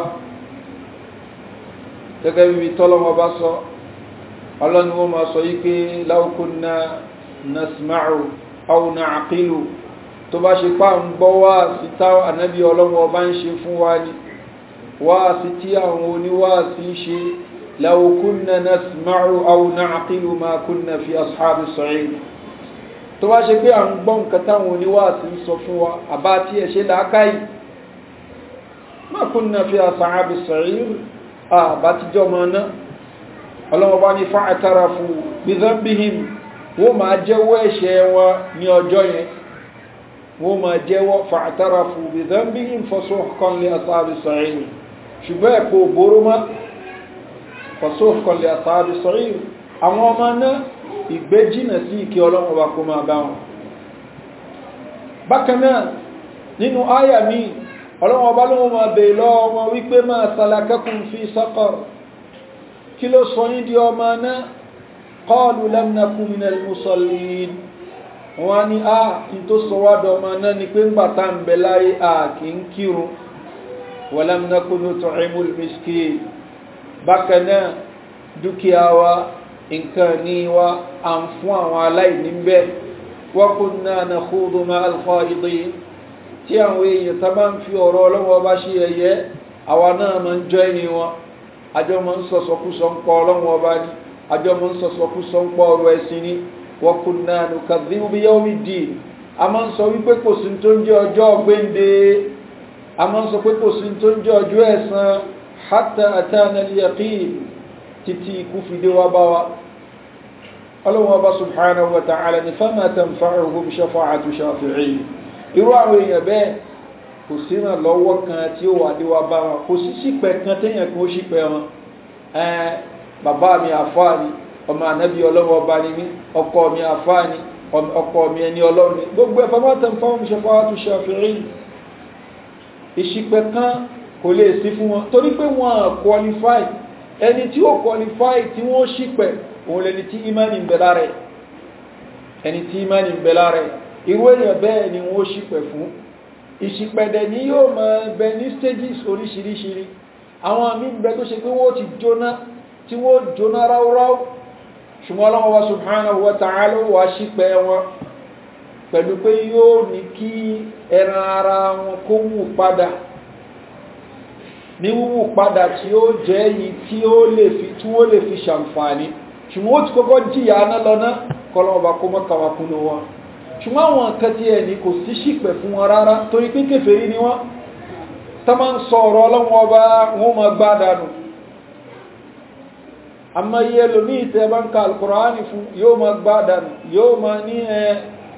gẹ́gẹ́ bí tọ́lọ́mọ bá sọ ọlọ́ni wọ́n máa sọ yípe láwùkúnná nasma'u auna àkílù tó bá ṣe pá ń gbọ́ wá sí táwọn ànábì ọlọ́mọ bá ń ṣe fún wa ni wá sí tí àwọn oníwá sí ṣe لو كنا نسمع أو نعقل ما كنا في أصحاب الصعيد tó wá ṣe pé à ń gbọ́ nǹkan táwọn oníwàásí ń sọ fún wa àbá tí ẹ ṣe làákàyè má kún náà fi àṣàábì sàírì àbá tíjọ́ mọ́ náà ọlọ́mọba ní fún àtàrà fún bizambihim wọ́n máa jẹ́wọ́ ẹ̀ṣẹ̀ wọn ní ọjọ́ yẹn wọ́n máa jẹ́wọ́ fún àtàrà fún bizambihim fọ́sọ́ kan lé àṣàábì sàírì ṣùgbọ́n ẹ̀kọ́ ògbóró máa fọ̀sóf kọlẹ̀ àtàbí sọ̀rí àwọn ọmọ náà ìgbé jìnà sí ìkẹ́ ọlọ́run wa kó máa bá wọn bákanáà nínú àyà mi ọlọ́run ọba lóhun máa bèè lọ́wọ́ wọn wípé máa sàlàkẹ́kùn fi saqar kí ló sọ yín di ọmọ náà qalu lam naku bákan náà dúkìá wa nǹkan ní wa à ń fún àwọn aláìní bẹ́ẹ̀ wọ́kùn náà na kúrò máa alfa ìdí tí àwọn èèyàn tá bá ń fi ọ̀rọ̀ ọlọ́wọ́ bá ṣe ẹ̀yẹ àwa náà máa ń jọ ẹni wọn àjọ máa ń sọ̀sọ̀kúsọ ń pọ̀ ọlọ́wọ́ bá ní àjọ máa ń sọ̀sọ̀kúsọ ń pọ̀ ọ̀rọ̀ ẹ̀sìn ní wọ́kùn náà nù kàdínú bí yẹ́wò mi dì a máa ń sọ wípé kò sí tó ń jẹ́ ọjọ́ ọgbẹ́ǹde a máa ń sọ pé kò sí tó ń jẹ́ ọjọ́ ẹ̀san hátà àtànàlì yaqin títí ikú fi dé wá bá wa ọlọ́wọ́n bá subhanahu wa ta'ala ni fama tanfa'uhum shafa'atu shafi'in irú àwọn èèyàn bẹ́ẹ̀ kò sí ràn lọ́wọ́ kan tí ó wà dé wá bá wa kò sí sípẹ́ kan téèyàn kan ó sípẹ́ wọn bàbá mi àfáà ni ọmọ ànábì ọlọ́wọ́ ọba ni mí ọkọ mi àfáà ni mi ẹni ọlọ́run ni gbogbo ẹ̀fọ́ mọ́tàn fáwọn ṣẹfọ́ àtúnṣe àfihàn ìṣípẹ́ kan kò lè sí fún wọn torí pé wọn qualify ẹni tí ó qualify tí wọ́n ṣìpẹ̀ òun lẹni tí imani ń bẹ lára ẹni tí imani ń bẹ lára ẹ̀ bẹ́ẹ̀ ni wọ́n ṣìpẹ̀ fún ìṣìpẹ̀dẹ̀ ni yóò máa bẹ ní stages oríṣiríṣiri àwọn àmì ìbẹ̀ tó ṣe pé wọ́n ti jóná tí wọ́n jóná ráúráú ṣùgbọ́n ọlọ́wọ́ wa subhanahu wa ta'ala wà ṣìpẹ̀ wọn pẹ̀lú pé yóò ní kí ẹran ara wọn kó mú padà ní wíwù padà tí ó jẹ́ yìí tí ó lè fi tí ó lè fi ṣàǹfààní ṣùgbọ́n ó ti kọ́kọ́ jìyà aná lọ́nà kọlọ́ọ̀bà kó mọ́ kàwákú ló wọn ṣùgbọ́n àwọn nǹkan tí ẹni kò sí ṣìpẹ̀ fún wọn rárá torí pé kèfèrí ni wọ́n tá ń sọ ọ̀rọ̀ ọlọ́run ọba wọn máa gbá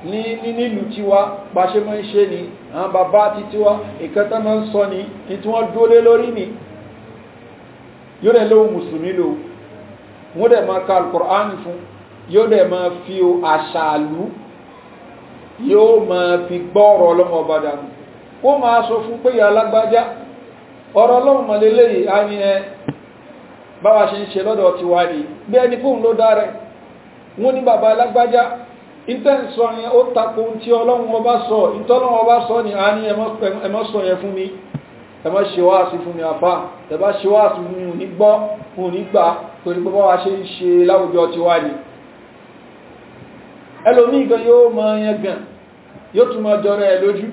ní nílùú tiwa pàṣẹ mọ́ ń ṣe ni àwọn bàbá ti tiwa ìkẹta mọ́ ń sọ ni ní tí wọ́n dúólé lórí ni yóò rẹ̀ lóhun mùsùlùmí lò wọ́n dẹ̀ máa ka alukur'an fún yóò dẹ̀ máa fi àṣàlù yóò máa fi gbọ́ ọ̀rọ̀ ọlọ́mọ ọba dànù ó máa sọ ni bàbá alágbájá ìtẹ̀sọ yẹn ó tako tí ọlọ́run ọba sọ ìtọ́lọ́run ọba sọ ni a ní ẹmọ́ sọ yẹn fún mi ẹmọ́ ṣe wá sí fún mi àbá ẹbá ṣe wá sí fún mi ò ní gbọ́ ò ní gbà torí pé báwa ṣe ń ṣe láwùjọ ti wá ni ẹlòmíì gan yóò mọ yẹn gan yóò tún mọ jọrọ ẹ lójú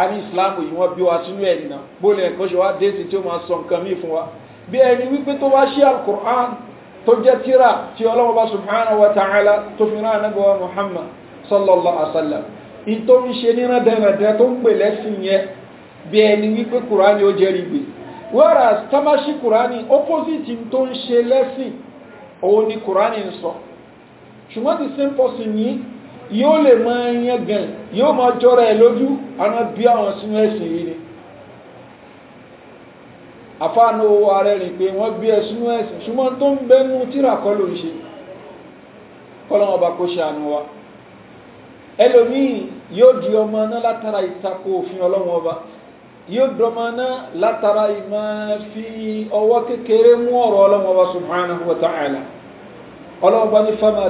a ní ìsìláàmù yìí wọ́n bí wa sínú ẹ̀ nìna bó ṣe wá dé tí ó máa sọ nǹkan míì fún wa bí ẹni wípé tó wá ṣí alukur'an tó jẹ́ tíra tí ọlọ́wọ́ bá subhanahu wa ta'ala tó fi rán anábọ̀wá muhammad sallallahu alaihi wa sallam in tó ń ṣe níran dẹ́nàdẹ́ tó ń pè lẹ́sìn yẹn bí ẹni wípé kùránì ó jẹ́rìí gbé whereas tamashi kùránì opposite tó ń ṣe lẹ́sìn òun ni kùránì ń sọ ṣùgbọ́n the same person yìí yóò lè máa yan gan yóò máa jọra ẹ̀ lójú àná bí àwọn sínú ẹ̀sìn yìí ni àfáànù owó ààrẹ rìn pé wọ́n gbé ẹ̀sùn ẹ̀sìn ṣùgbọ́n tó ń bẹnu tíra kọ́ ń ṣe kọ́lọ́wọ́n ọba kó ṣàánú wa ẹlòmíì yóò di ọmọ náà látara ọba yóò di ọmọ náà látara fi ọwọ́ kékeré mú ọ̀rọ̀ ọba subhanahu wa ta'ala ọlọ́wọ́n ọba ní fama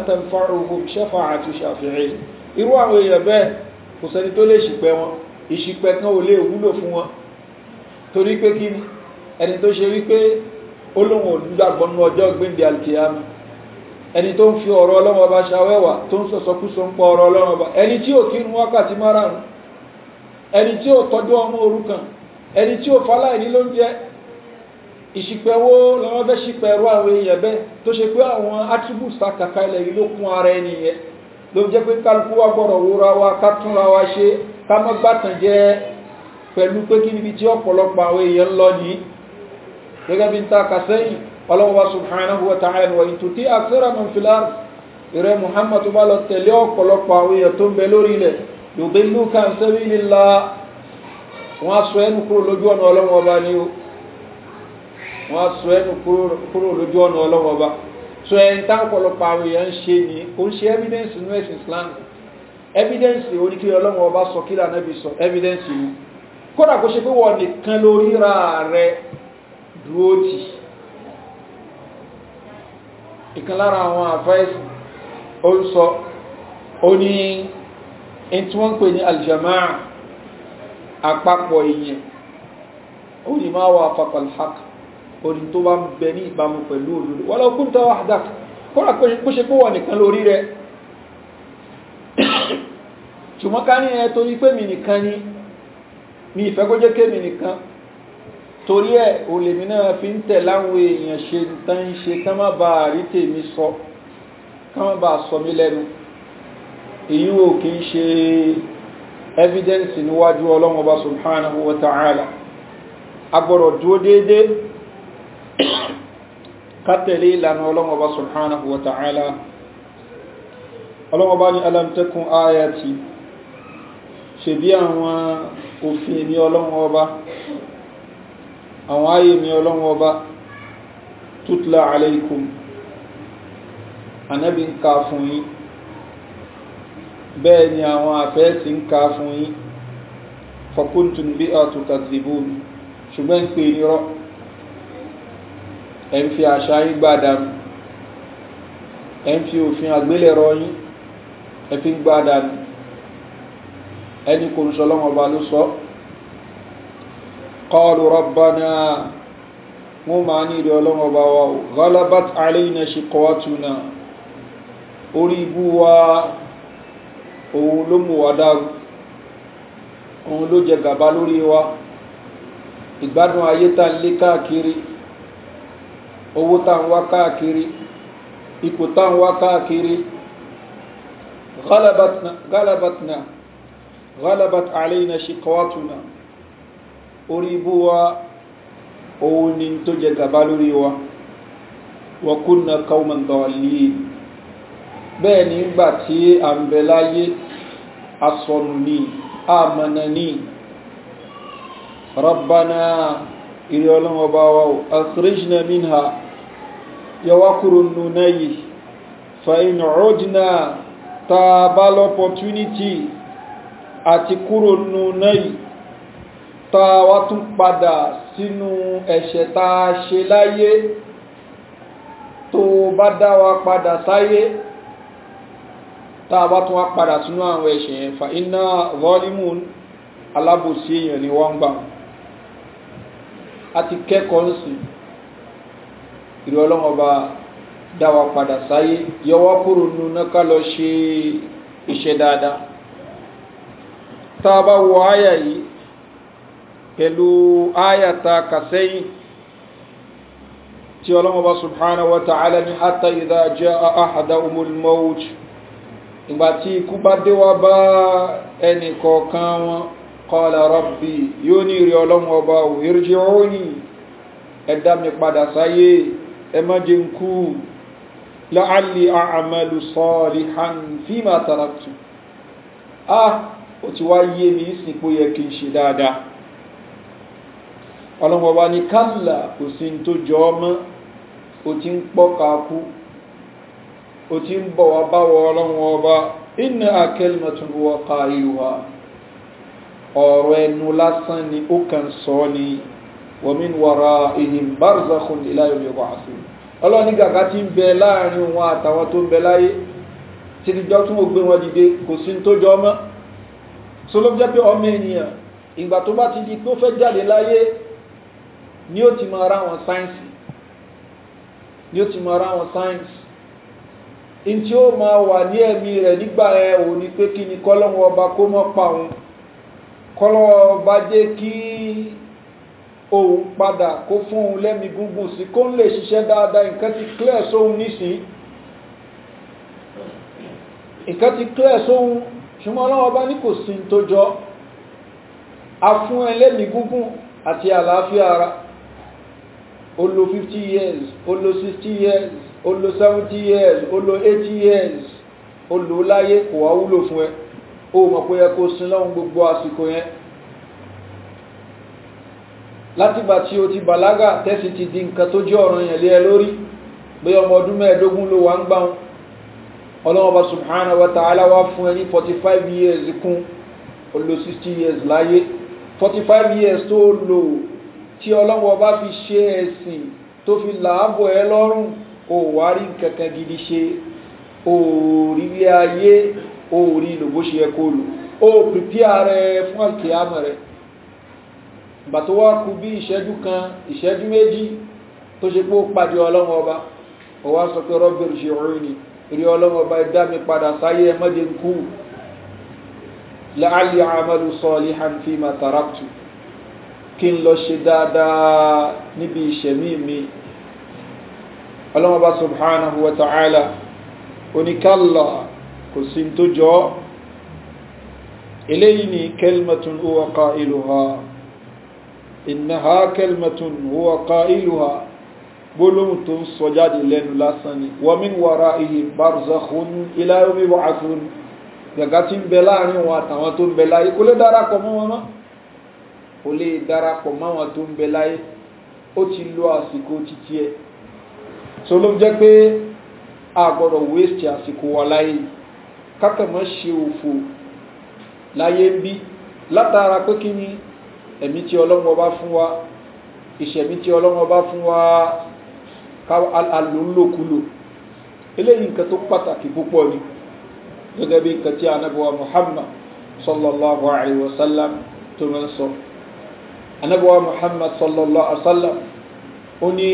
irú àwọn èèyàn ẹni tó ṣe wípé olóhùn olùgbàgbọ́ ọjọ́ gbéǹde alkiyama ẹni tó ń fi ọ̀rọ̀ ọlọ́run ọba ṣawẹ́wà tó ń sọ̀sọkúsọ ń pọ̀ ọ̀rọ̀ ọlọ́run ọba ẹni tí ò kírun wákàtí márùn ẹni tí ò tọ́jú ọmọ òrukàn ẹni tí ò fáláìní ló ń jẹ ìṣìpẹ̀wó lọ́wọ́ fẹ́ ṣìpẹ̀ ẹ̀rọ àwọn èèyàn bẹ́ẹ̀ tó ṣe pé àwọn attributes ta kàkà ilẹ̀ yìí ló kún ara ẹni yẹn ló jẹ́ pé kálukú wa gbọ́dọ̀ wúra wa ká túnra wa ṣe ká má gbàtàn jẹ pẹ̀lú pé kí níbi tí ọ̀pọ̀lọpọ̀ àwọn èèyàn ń lọ nìyí gẹ́gẹ́ bí n ta kà sẹ́yìn ọlọ́wọ́ subhanahu wa ta'ala wa ìtù tí àkṣẹ́rà mọ̀ fi láàrù ìrẹ́ muhammad bá lọ tẹ̀lé ọ̀pọ̀lọpọ̀ àwọn èèyàn tó ń bẹ lórí ilẹ̀ yòdìlú kan sẹ́bí nílá wọ́n á sọ ẹnu kúrò lójú ọ̀nà ọlọ́wọ́ bá ní o wọ́n á sọ ẹnu kúrò lójú ọ̀nà ọlọ́wọ́ bá sọ ẹni tá ọ̀pọ̀lọpọ̀ àwọn èèyàn ń ṣe ni ó evidence inú ẹ̀sìn islam evidence oníkiri ọlọ́wọ́ bá sọ kí lànà bí sọ evidence yìí kódà kó ṣe pé wọ́n nìkan lórí ra rẹ̀ dúró tì ìkan lára àwọn àfáìsì ó ń sọ ó ní in tí wọ́n ń pè ní aljamaa àpapọ̀ èèyàn ó ní máa wà fàkàlhàk orí tó bá ń bẹ ní ìbámu pẹ̀lú olórí wọ́n lọ́kún tàwà àdák kọ́nà kó ṣe kó wà nìkan lórí rẹ̀ ṣùgbọ́n ká ní ẹ torí pé mi nìkan ni mi ìfẹ́ nìkan torí ẹ̀ olèmi náà fi ń tẹ̀ láwọn èèyàn ṣe tán ń ṣe kán má bàa rí tèmi sọ kán má bàa sọ mí lẹ́nu èyí ò kí ń ṣe evidence níwájú ọlọ́run ọba subhanahu wa ta'ala agbọ́rọ̀ dúó déédéé kátẹ̀lé ìlànà ọlọ́run ọba subhanahu wa ta'ala ọlọ́run ọba ní alamtẹ́kùn ayati ṣe bí àwọn òfin ní ọlọ́run ọba àwọn ayé mi ọlọ́wọ́ bá tutla aleikum anabi ń ka fún yín bẹ́ẹ̀ ni àwọn àfẹ́ẹ̀sì ń ka fún yín fọkúntùn bí àtùkàzìbò mi ṣùgbọ́n pé irọ́ ẹ̀ ń fi àṣà yín gbádàmù ẹ̀ ń fi òfin àgbélẹ̀rọ yín ẹ̀ fi ń gbádàmù ẹni kò ń sọ lọ́wọ́ ló sọ ọ́ قالوا ربنا wọ́n máa ní ìdí ọlọ́wọ́ bá wà ó galabat alina ṣe kọwa tuna orí ibú wa òun ló mú wa dáru òun ló jẹ gàba lórí wa ìgbádùn ayé tá káàkiri owó tá ń wá káàkiri ipò tá ń wá káàkiri galabatna galabat alina ṣe orí bú wa òun ni tó jẹ gàba lórí wa wọ́n kúnna kọ́mọ̀dọ̀ lè bẹ́ẹ̀ ni gbà tí a ń bẹ láyé asọ̀nù ní àmàna ní rọ̀bánà ìrẹ́ ọlọ́wọ́ bá wá o asirijina minha yawakuru nuna yìí fa'in rọ́jìnà ta àti kúrò nuna yìí tá a wá tún padà sínú ẹ̀ṣẹ̀ tá a ṣe láyé tó bá dá wa padà sáyé tá tún wá padà sínú àwọn ẹ̀ṣẹ̀ yẹn fa iná vọ́límùn alábòsí èèyàn ni wọ́n ń gbà a ti kẹ́kọ̀ọ́ ń sìn ìrọ̀ ọlọ́wọ́n bá dá wa padà sáyé yọwọ́ kúrò nínú ká lọ ṣe iṣẹ́ dáadáa tá wọ àyà yìí pẹ̀lú ayata kasẹ́yìn tí ọlọ́mọba subhana wa ta'ala ni hata ìdá jẹ́ àhàdá umul mawuj ìgbà tí ikú bá déwá bá ẹnì kọ̀ọ̀kan wọn kọ́lá rọ́bì yóò ní ìrì ọlọ́mọba òhìrìjì òyìn ẹ̀dá mi padà sáyé ẹmọ́jẹ́ ń kú láàlì àmàlù sọ́ọ̀lì hàn fíìmà tàràtù ah ó ti wá yé mi ìsìnkú yẹ kí n ṣe dáadáa ọlọ́mọba ní kálà kò sí tó jọ ọmọ o ti ń pọ́ka kú o ti ń bọ̀ wá báwọ̀ ọlọ́mọba iná akẹ́lìmọ̀tún wọ́ ka ìwà ọ̀rọ̀ ẹnu lásán ni ó kàn sọ ni wọ́mín wàrà ìhìn bárùsákùn ìláyọ̀ yọ̀bọ̀ àṣù ni ó ti máa ra àwọn sáyẹ́nsì ni ó ti máa ra àwọn sáyẹ́nsì in tí ó wà ní ẹ̀mí rẹ̀ nígbà ẹ̀ ò ní pé kí ni kọ́lọ́wọ́ ọba kó mọ́ pa òun kọ́lọ́wọ́ ọba jẹ́ kí òun padà kó fún òun lẹ́mí gúngùn sí kó ń lè ṣiṣẹ́ dáadáa nǹkan ti clear sóhun nísìn nǹkan ti clear sóhun ṣùgbọ́n ọlọ́wọ́ bá ní kò sí tó jọ a fún ẹlẹ́mí gúngùn àti àlàáfíà ara ó lò fifty years ó lò sixty years ó lò seventy years ó lò eighty years ó lò ó láyé kò wá wúlò fún ẹ ó mọ̀ pé ẹ kó sin lọ́hùn gbogbo àsìkò yẹn látìgbà tí o ti bàlágà tẹ́sí ti di nǹkan tó jẹ́ ọ̀ràn yẹn lé ẹ lórí bí ọmọ ọdún mẹ́ẹ̀ẹ́dógún ló wà ń gbà wọn ọlọ́mọba subhanahu wa ta'ala wá fún ẹ ní forty five years kún ó lò sixty years láyé forty five years tó lò tí ọlọ́wọ́ bá fi ṣe ẹ̀sìn tó fi làábọ̀ ẹ lọ́rùn o wá rí nkankan gidi ṣe o rí ilé ayé o rí lò bó ṣe yẹ kó lò o pìpì ààrẹ fún àkìyàmọ̀ rẹ̀ ìgbà tó wá kú bí ìṣẹ́jú kan ìṣẹ́jú méjì tó ṣe pé ó pàdé ọlọ́wọ́ ọba ó wá sọ pé rọ́bìrì ṣe orin ni ìrí ọlọ́wọ́ ọba ẹ̀dá mi padà sáyé ẹmọ́dé ń kú láàlì àmàlù sọ́ọ̀lì hàn fi mà tàràkùtù kí n lọ ṣe dáadáa níbi ìṣẹ̀mí mi ọlọ́mọba subhanahu wa ta'ala oníkàlá kò sí tó jọ eléyìí ni kẹlmatun huwa qailuha innaha kẹlmatun huwa qailuha gbólóhùn tó ń sọ jáde lẹ́nu lásán ni wa min wara'ihim barzakhun ila yawmi yub'athun gàgá tí ń àtàwọn tó ń bẹ láyé kó lè mọ́ wọn náà kò lè darapọ̀ máwọn tó ń bẹ láyé ó ti lo àsìkò títí ẹ so ló jẹ́ pé a gbọ́dọ̀ waste àsìkò wa láyé kátàmọ́ ṣe òfò láyé bí látara pé kí ni ẹ̀mí tí ọlọ́mọ bá fún wa ìṣẹ̀mí tí ọlọ́mọ bá fún wa alòlòkulò eléyìí nǹkan tó pàtàkì púpọ̀ ni gẹ́gẹ́ bí nǹkan tí anábọ̀wá muhammad sallallahu alaihi wasallam tó mẹ́ sọ anabuwa muhammad sallallahu alaihi wasallam ó ní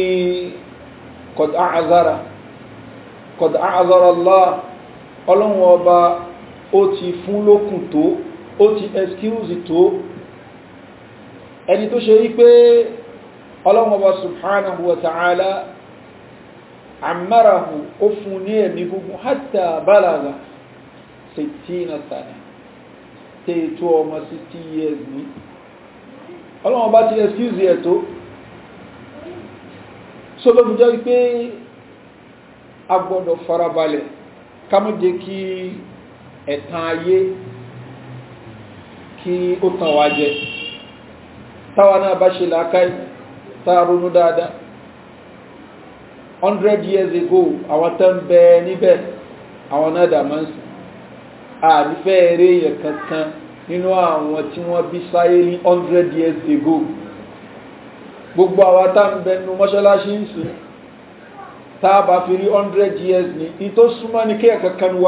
qad a'azara qad a'azara allah ọlọ́run ọba ó ti fún lókùn tó ó ti excuse tó ẹni tó ṣe rí pé ọlọ́run ọba subhanahu wa ta'ala àmàràhù ó fún ní ẹ̀mí gúngún hátà bálàgà 16 sana tètò ọmọ 60 years ní ọlọ́wọ́n bá ti excuse ẹ̀ tó so ló fi jẹ́ wípé a gbọ́dọ̀ farabalẹ̀ ká mọ́ jẹ́ kí ẹ̀tàn ayé kí ó tàn wá jẹ táwa náà bá ṣe làákàí táà ronú dáadáa 100 years ago àwọn tó ń bẹ níbẹ̀ àwọn náà dà máa eré yẹn kankan nínú àwọn tí wọ́n bí sáyé ní hundred years ago gbogbo àwa tá ń bẹnu ń sìn tá fi rí hundred years ní ìtò súnmọ́ ní kéèyàn kankan nu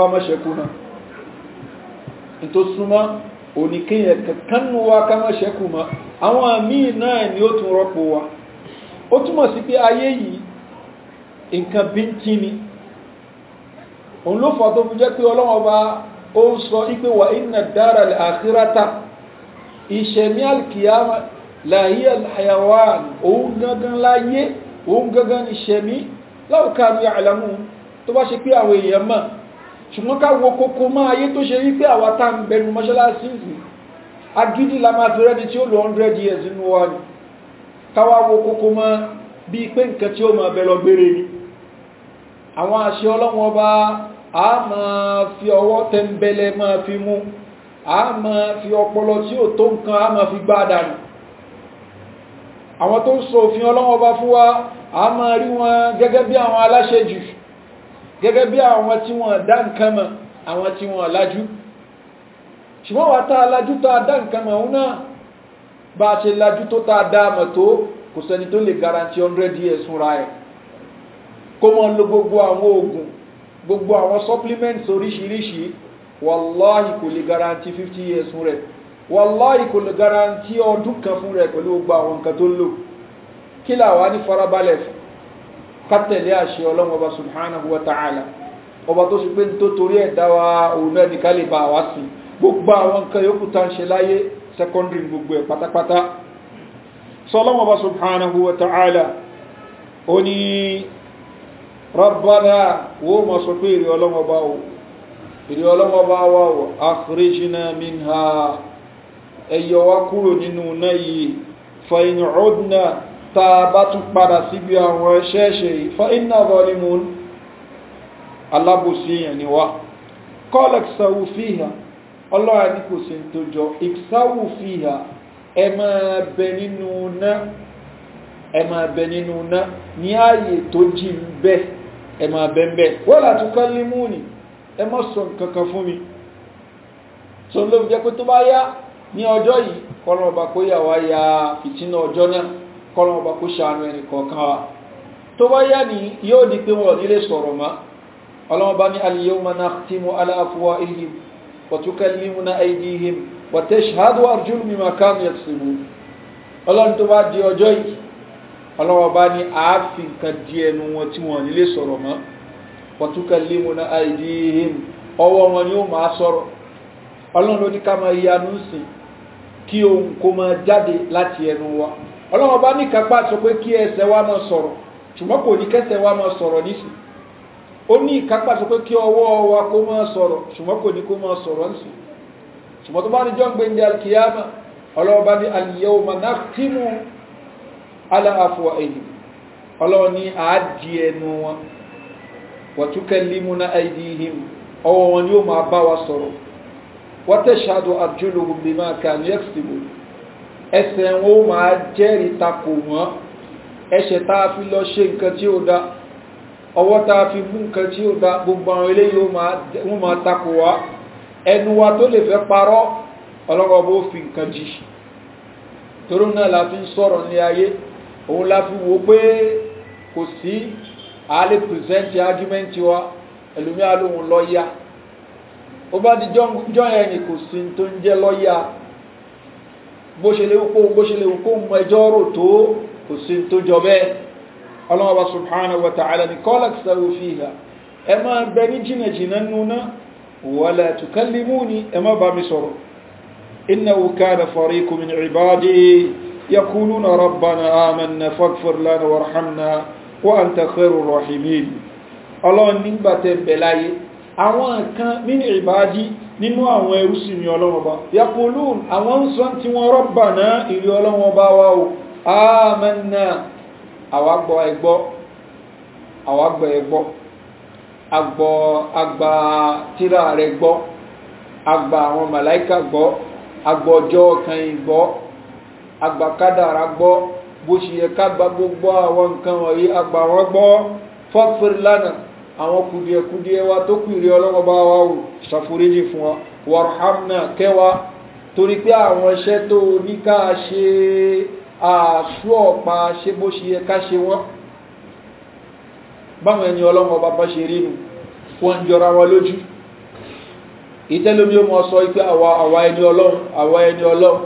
ìtò súnmọ́ òní kéèyàn kankan nu ká mọ́ṣẹ́kù àwọn àmì náà ni ó tún rọ́pò wa ó túmọ̀ sí pé ayé yìí nǹkan bíntínni òun ló fà tó fi jẹ́ pé ọlọ́wọ́n bá ó ń sọ ipé wà iná dára àkírátà ìṣẹ̀mí alkiyama láyé alhayawan òun gangan láyé òun gangan ìṣẹ̀mí láwùkánú àlàmú tó bá ṣe pé àwọn èèyàn mọ̀ ṣùgbọ́n ká wo kókó máa ayé tó ṣe wípé àwa tá ń bẹnu mọ́ṣáláṣí agídí la máa fi rẹ́ni tí ó lọ 100 years inú wa ni káwá wo kókó máa bí pé nǹkan tí ó máa bẹ lọ gbére ni àwọn àṣẹ ọlọ́wọ́n bá a máa fi ọwọ́ tẹ́ńbẹ́lẹ́ máa fi mú a máa fi ọpọlọ tí ò tó nǹkan a máa fi gbá dànù àwọn tó ń sọ òfin ọlọ́wọ́ bá fún wa a máa rí wọn gẹ́gẹ́ bí àwọn aláṣẹ jù gẹ́gẹ́ bí àwọn tí wọ́n dá nǹkan mọ̀ àwọn tí wọ́n lájú ṣùgbọ́n wà tá a lájú tá a dá nǹkan mọ̀ òun náà bá a ṣe lájú tó tá a dá a mọ̀ tó kò sẹ́ni tó lè garanti 100 years fúnra ẹ̀ kó mọ́ lo gbogbo àwọn oògùn gbogbo àwọn supplements oríṣiríṣi wàláhì kò lè garanti 50 years fún rẹ̀ wàláhì kò lè garanti ọdún kan fún rẹ̀ pẹ̀lú gbogbo àwọn nǹkan tó ń lò kí làwa ní farabalẹ̀ ká tẹ̀lé àṣẹ ọlọ́run ọba subhanahu wa ta'ala ọba tó ṣe pé tó torí ẹ̀dá wa òun náà ní ká lè bá wa sí gbogbo àwọn nǹkan yòókù tá ṣe láyé secondary gbogbo ẹ̀ pátápátá sọlọ́run subhanahu wa ta'ala ó rọ́bọ́dá wo mọ̀ sọ pé ìrì ọlọ́mọba wo ìrì ọlọ́mọba wa wo àfíríjìnà minha ẹ̀yọ̀ wa kúrò nínú náà yìí fàyìn ọdúnà tá a bá tún padà síbi àwọn ṣẹ́ṣẹ́ yìí fa iná bọ́límù alábòsí yẹn ni wá kọ́lẹ̀kì sáwù fìhà ọlọ́run ní kò sí tó jọ ìsáwù fìhà ẹ máa bẹ nínú náà ẹ máa bẹ nínú ná ní ààyè tó jì ń bẹ ẹ máa bẹ ń bẹ wala tukallimuni ẹ má sọ nǹkan kan fún mi tó ló fi jẹ́ pé tó bá yá ní ọjọ́ yìí kọ́lọ́n ọba kó yà wá ya fìtínà ọjọ́ náà kọ́lọ́n ọba kó ṣàánú ẹnì kọ̀ọ̀kan wa tó bá yá ni yóò di pé wọ́n nílé sọ̀rọ̀ mọ́ ọlọ́mọba ní al-yawma nakhtimu ala afwahihim wa tukallimuna aydihim wa tashhadu arjuluhum bima kanu yaksibun ọlọ́run tó bá di ọjọ́ yìí ọlọ́wọ́ bá ní àáfi nǹkan di ẹnu wọn tí wọ́n nílé sọ̀rọ̀ mọ́ pọ̀túkà límúná àìdíhìm ọwọ́ wọn ni ó máa sọ̀rọ̀ ọlọ́run ló ní ká máa yanu sìn kí ohun kó máa jáde láti ẹnu wa ọlọ́wọ́ bá ní kápá sọ pé kí ẹsẹ̀ wa máa sọ̀rọ̀ ṣùgbọ́n kò ní kẹsẹ̀ wa máa sọ̀rọ̀ nísìn ó ní ìkápá sọ pé kí ọwọ́ wa kó máa sọ̀rọ̀ ṣùgbọ́n kò ní kó máa sọ̀rọ̀ nísìn ṣùgbọ́n tó bá ní jọ́ gbẹ̀ndẹ̀ alkiyama ọlọ́wọ́ bá ní alìyẹ́wò máa náà ala èyí ọlọ́run ní àádìí ẹnu wọn wàtúkẹ́límúná àìdí ihim limu na ni ihu máa bá wa ma wọ́tẹ̀ṣàdù àjọlògùn bí máa kà ní ẹ̀sìtìbò ẹsẹ̀ wọn ó máa jẹ́rìí takò wọ́n ẹsẹ̀ tá a fi lọ ṣe nǹkan tí ó dá ọwọ́ tá a fi mú nǹkan tí ó dá gbogbo àwọn eléyìí wọ́n máa takò wá fi nǹkan la fi ń n'i ní òun la fi wo pé kò sí àálẹ́ pìrìsẹ́ǹtì ágímẹ́ǹtì wa ẹlòmíà lòun lọ́ọ́yà ó bá di jọ́ yẹn ni kò sí tó ń jẹ́ lọ́ọ́yà bó ṣe lè kó bó ṣe lè kó mọ ẹjọ́ rò tó kò sí tó jọ bẹ́ẹ̀ ọlọ́wọ́ subhanahu wa ta'ala ni kọ́lá ti sáré fi hà ẹ máa bẹ ní jìnnàjìnnà nuna wala tukallimuni ẹ má bá mi sọ̀rọ̀ innahu kana fariqu min ibadi يقولون ربنا آمنا فاغفر لنا وارحمنا وأنت خير الراحمين ọlọ́run nígbà tẹ́ bẹ̀láyé àwọn kan nínú ìbájí nínú àwọn ẹrúsì ní ọlọ́run ọba yàkùlù àwọn ń sọ tí wọ́n rọ́bà náà ìrí ọlọ́run ọba wa o àmẹ́nà àwàgbọ́ ẹgbọ́ àwàgbọ́ ẹgbọ́ agbọ́ agbà tíra rẹ gbọ́ agbà àwọn màláìkà gbọ́ agbọ́jọ́ kan ìgbọ́ agbàkádàrà gbọ́ bó ṣe yẹ ká gba gbogbo àwọn nǹkan wọ̀nyí agbà wọn gbọ́ fọ́fìrì lánàá àwọn kùdìẹ̀kùdìẹ̀ wa tó kùrì ọlọ́wọ́ bá wa wò ṣàforíjì fún wa wàrhamna kẹwàá torí pé àwọn iṣẹ́ tó ní ká ṣe àṣù ọ̀pá ṣe bó ṣe yẹ ká ṣe wọ́n báwọn ẹni ọlọ́wọ́ bá bá ṣe rí nu wọ́n jọra wọn lójú ìtẹ́lómi ó mọ sọ pé àwa ẹni ọlọ́run àwa ẹni ọlọ́run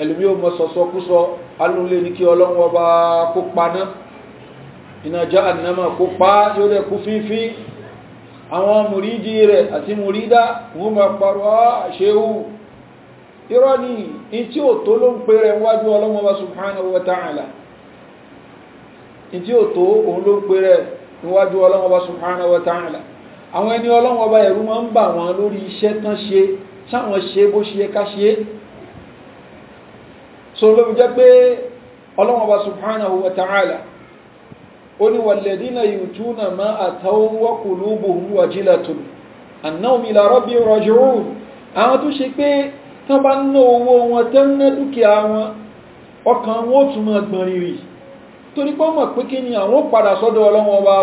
ẹlòmí ò mọ sọsọkúsọ alóńlé ní kí ọlọ́run ọba kó paná iná já ànàmà kó pa yóò rẹ̀ kú fífí àwọn mùrídí rẹ̀ àti mùrídá wọ́n ma parọ́ ṣeú irọ́ ni in tí ó tó ló ń pè rẹ̀ wájú ọlọ́run ọba subhanahu wa ta'ala in tí ó tó òun ló ń pè rẹ̀ níwájú ọlọ́run ọba subhanahu wa ta'ala so ló fi jẹ́ pé ọlọ́wọ́n bá subhanahu wa ta'ala ó ní wàlẹ̀dínà yìtúnà má àtàwọ́kùlú bòhùn wàjílàtùn annáwòmí lárọ́bí rọ̀jùrù àwọn tó ṣe pé tán bá ń ná owó wọn tán ná dúkìá wọn ọkàn wọn ó túnmọ̀ gbọ̀n rírì torí ni àwọn padà sọ́dọ̀ ọlọ́wọ́n bá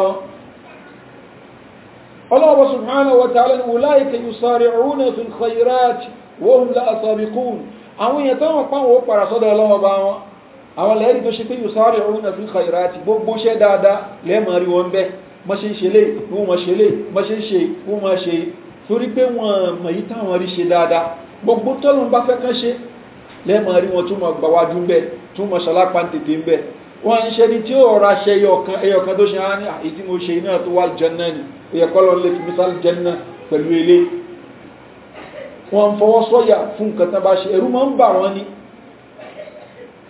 wọn wa ta'ala ni wùláìkà yusari'una àwọn èèyàn táwọn páwọn ó para sọ́dọ̀ ọlọ́wọ́ bá wọn àwọn lẹ́rí tó ṣe pé yóò sáré òun náà fi ń kàìrá àti gbogbo ṣẹ́ dáadáa lẹ́mọ̀ rí wọn bẹ́ mọ́ ṣe ń ṣe lè wọ́n mọ́ ṣe lè mọ́ ṣe ń ṣe wọ́n mọ́ ṣe torí pé wọ́n mọ̀ yí táwọn rí ṣe dáadáa gbogbo pẹ̀lú eléyìí wọ́n fọwọ́sọ́yà fún nǹkan tán bá ṣe ẹ̀rú máa ń bà wọ́n ní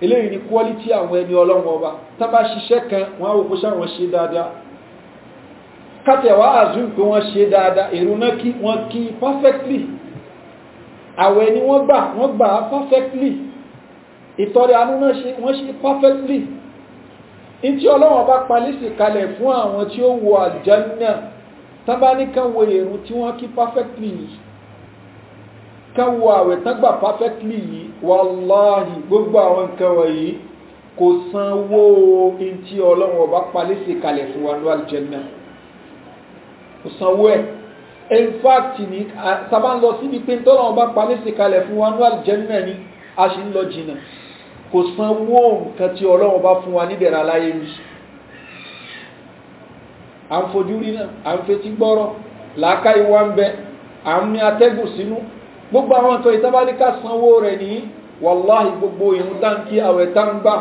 eléyìí ni quality àwọn ẹni ọlọ́run ọba tán bá ṣiṣẹ́ kan wọ́n á wò ṣe dáadáa kátẹ̀wá àzún pé wọ́n ṣe dáadáa èrò náà kí wọ́n kí perfectly àwẹ̀ ni wọ́n gbà wọ́n gbà perfectly ìtọ́rẹ anú náà ṣe wọ́n ṣe perfectly in tí ọlọ́run ọba palẹ́sì kalẹ̀ fún àwọn tí ó wọ àlùjánnà perfectly kan wo àwẹ̀ perfectly yìí wàláhì gbogbo àwọn nǹkan wọ̀nyí kò sanwó ntí ọlọ́run ọba palẹ́sì kalẹ̀ fún wa ní aljanna kò sanwó ẹ̀ in fact ni sábà ń lọ síbi pé tọ́lọ́run ọba palẹ́sì kalẹ̀ fún wa ní aljanna ni a sì ń lọ jìnnà kò sanwó nǹkan tí ọlọ́run ọba fún wa níbẹ̀rẹ̀ aláyé mi à ń fojú rí náà à ń fetí gbọ́rọ̀ làákàyè wa ń bẹ à ń mí atẹ́gùn sínú gbogbo àwọn nǹkan ìtàbálíkà sanwó rẹ̀ ní wàláhì gbogbo ìrun táǹkì àwẹ̀ táǹgbà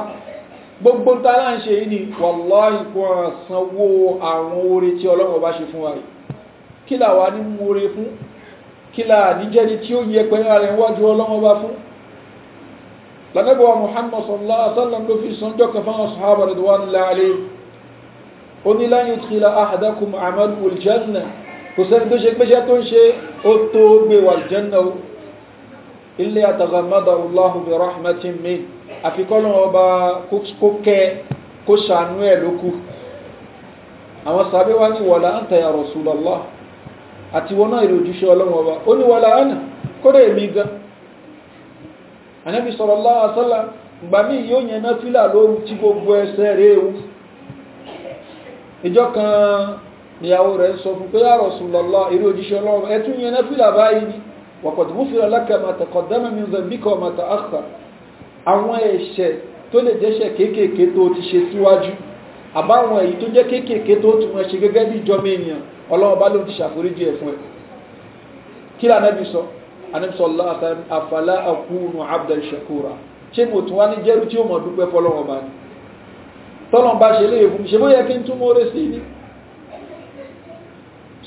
gbogbo ń tàà ń ṣe yìí ni wàláhì fún àsanwó àwọn oore tí ọlọ́wọ̀ bá ṣe fún wa rẹ̀ kí làwà ní mú oore fún kí làà níjẹ́ni tí ó yẹ pẹ̀lú ara ìwájú rẹ̀ wà ní kò sẹ́ni tó ṣe péṣẹ́ tó ń ṣe ó tó gbé wà jẹ́nà o ilé àtàzàmọ́dà Allahu bi rahmatin mi àfikọ́nà ọba kó kẹ́ kó ṣàánú ẹ̀ ló kù àwọn sàbẹ́ wá ní wàlá anta ya Rasulullah àti wọn náà èrò ojúṣe ọlọ́wọ́ ọba ó níyàwó rẹ̀ ń sọ fún pé ya Rasulullah eré òjíṣẹ́ ọlọ́run ẹ tún yẹn náfìlà báyìí ni wa qad ghufira laka ma taqaddama min dhanbika wa ma ta'akhkhara àwọn ẹ̀ṣẹ̀ tó lè jẹ́ṣẹ̀ kéékèèké tó ti ṣe síwájú àbáwọn èyí tó jẹ́ kéékèèké tó tún mọ̀ ṣe gẹ́gẹ́ bí ìjọba ènìyàn ọlọ́run bá ló ti ṣàforíjì ẹ̀ fún ẹ kí lànà sọ anabisọ lọ́wọ́ àfàlà àkúnù abdul shakura ṣé mo tún wá ní jẹ́rú tí ó mọ̀ dúpẹ́ fọlọ́wọ́ bá ní tọ́lọ́n bá ṣe léè fún mi ṣe kí n tún rẹ̀ sí ni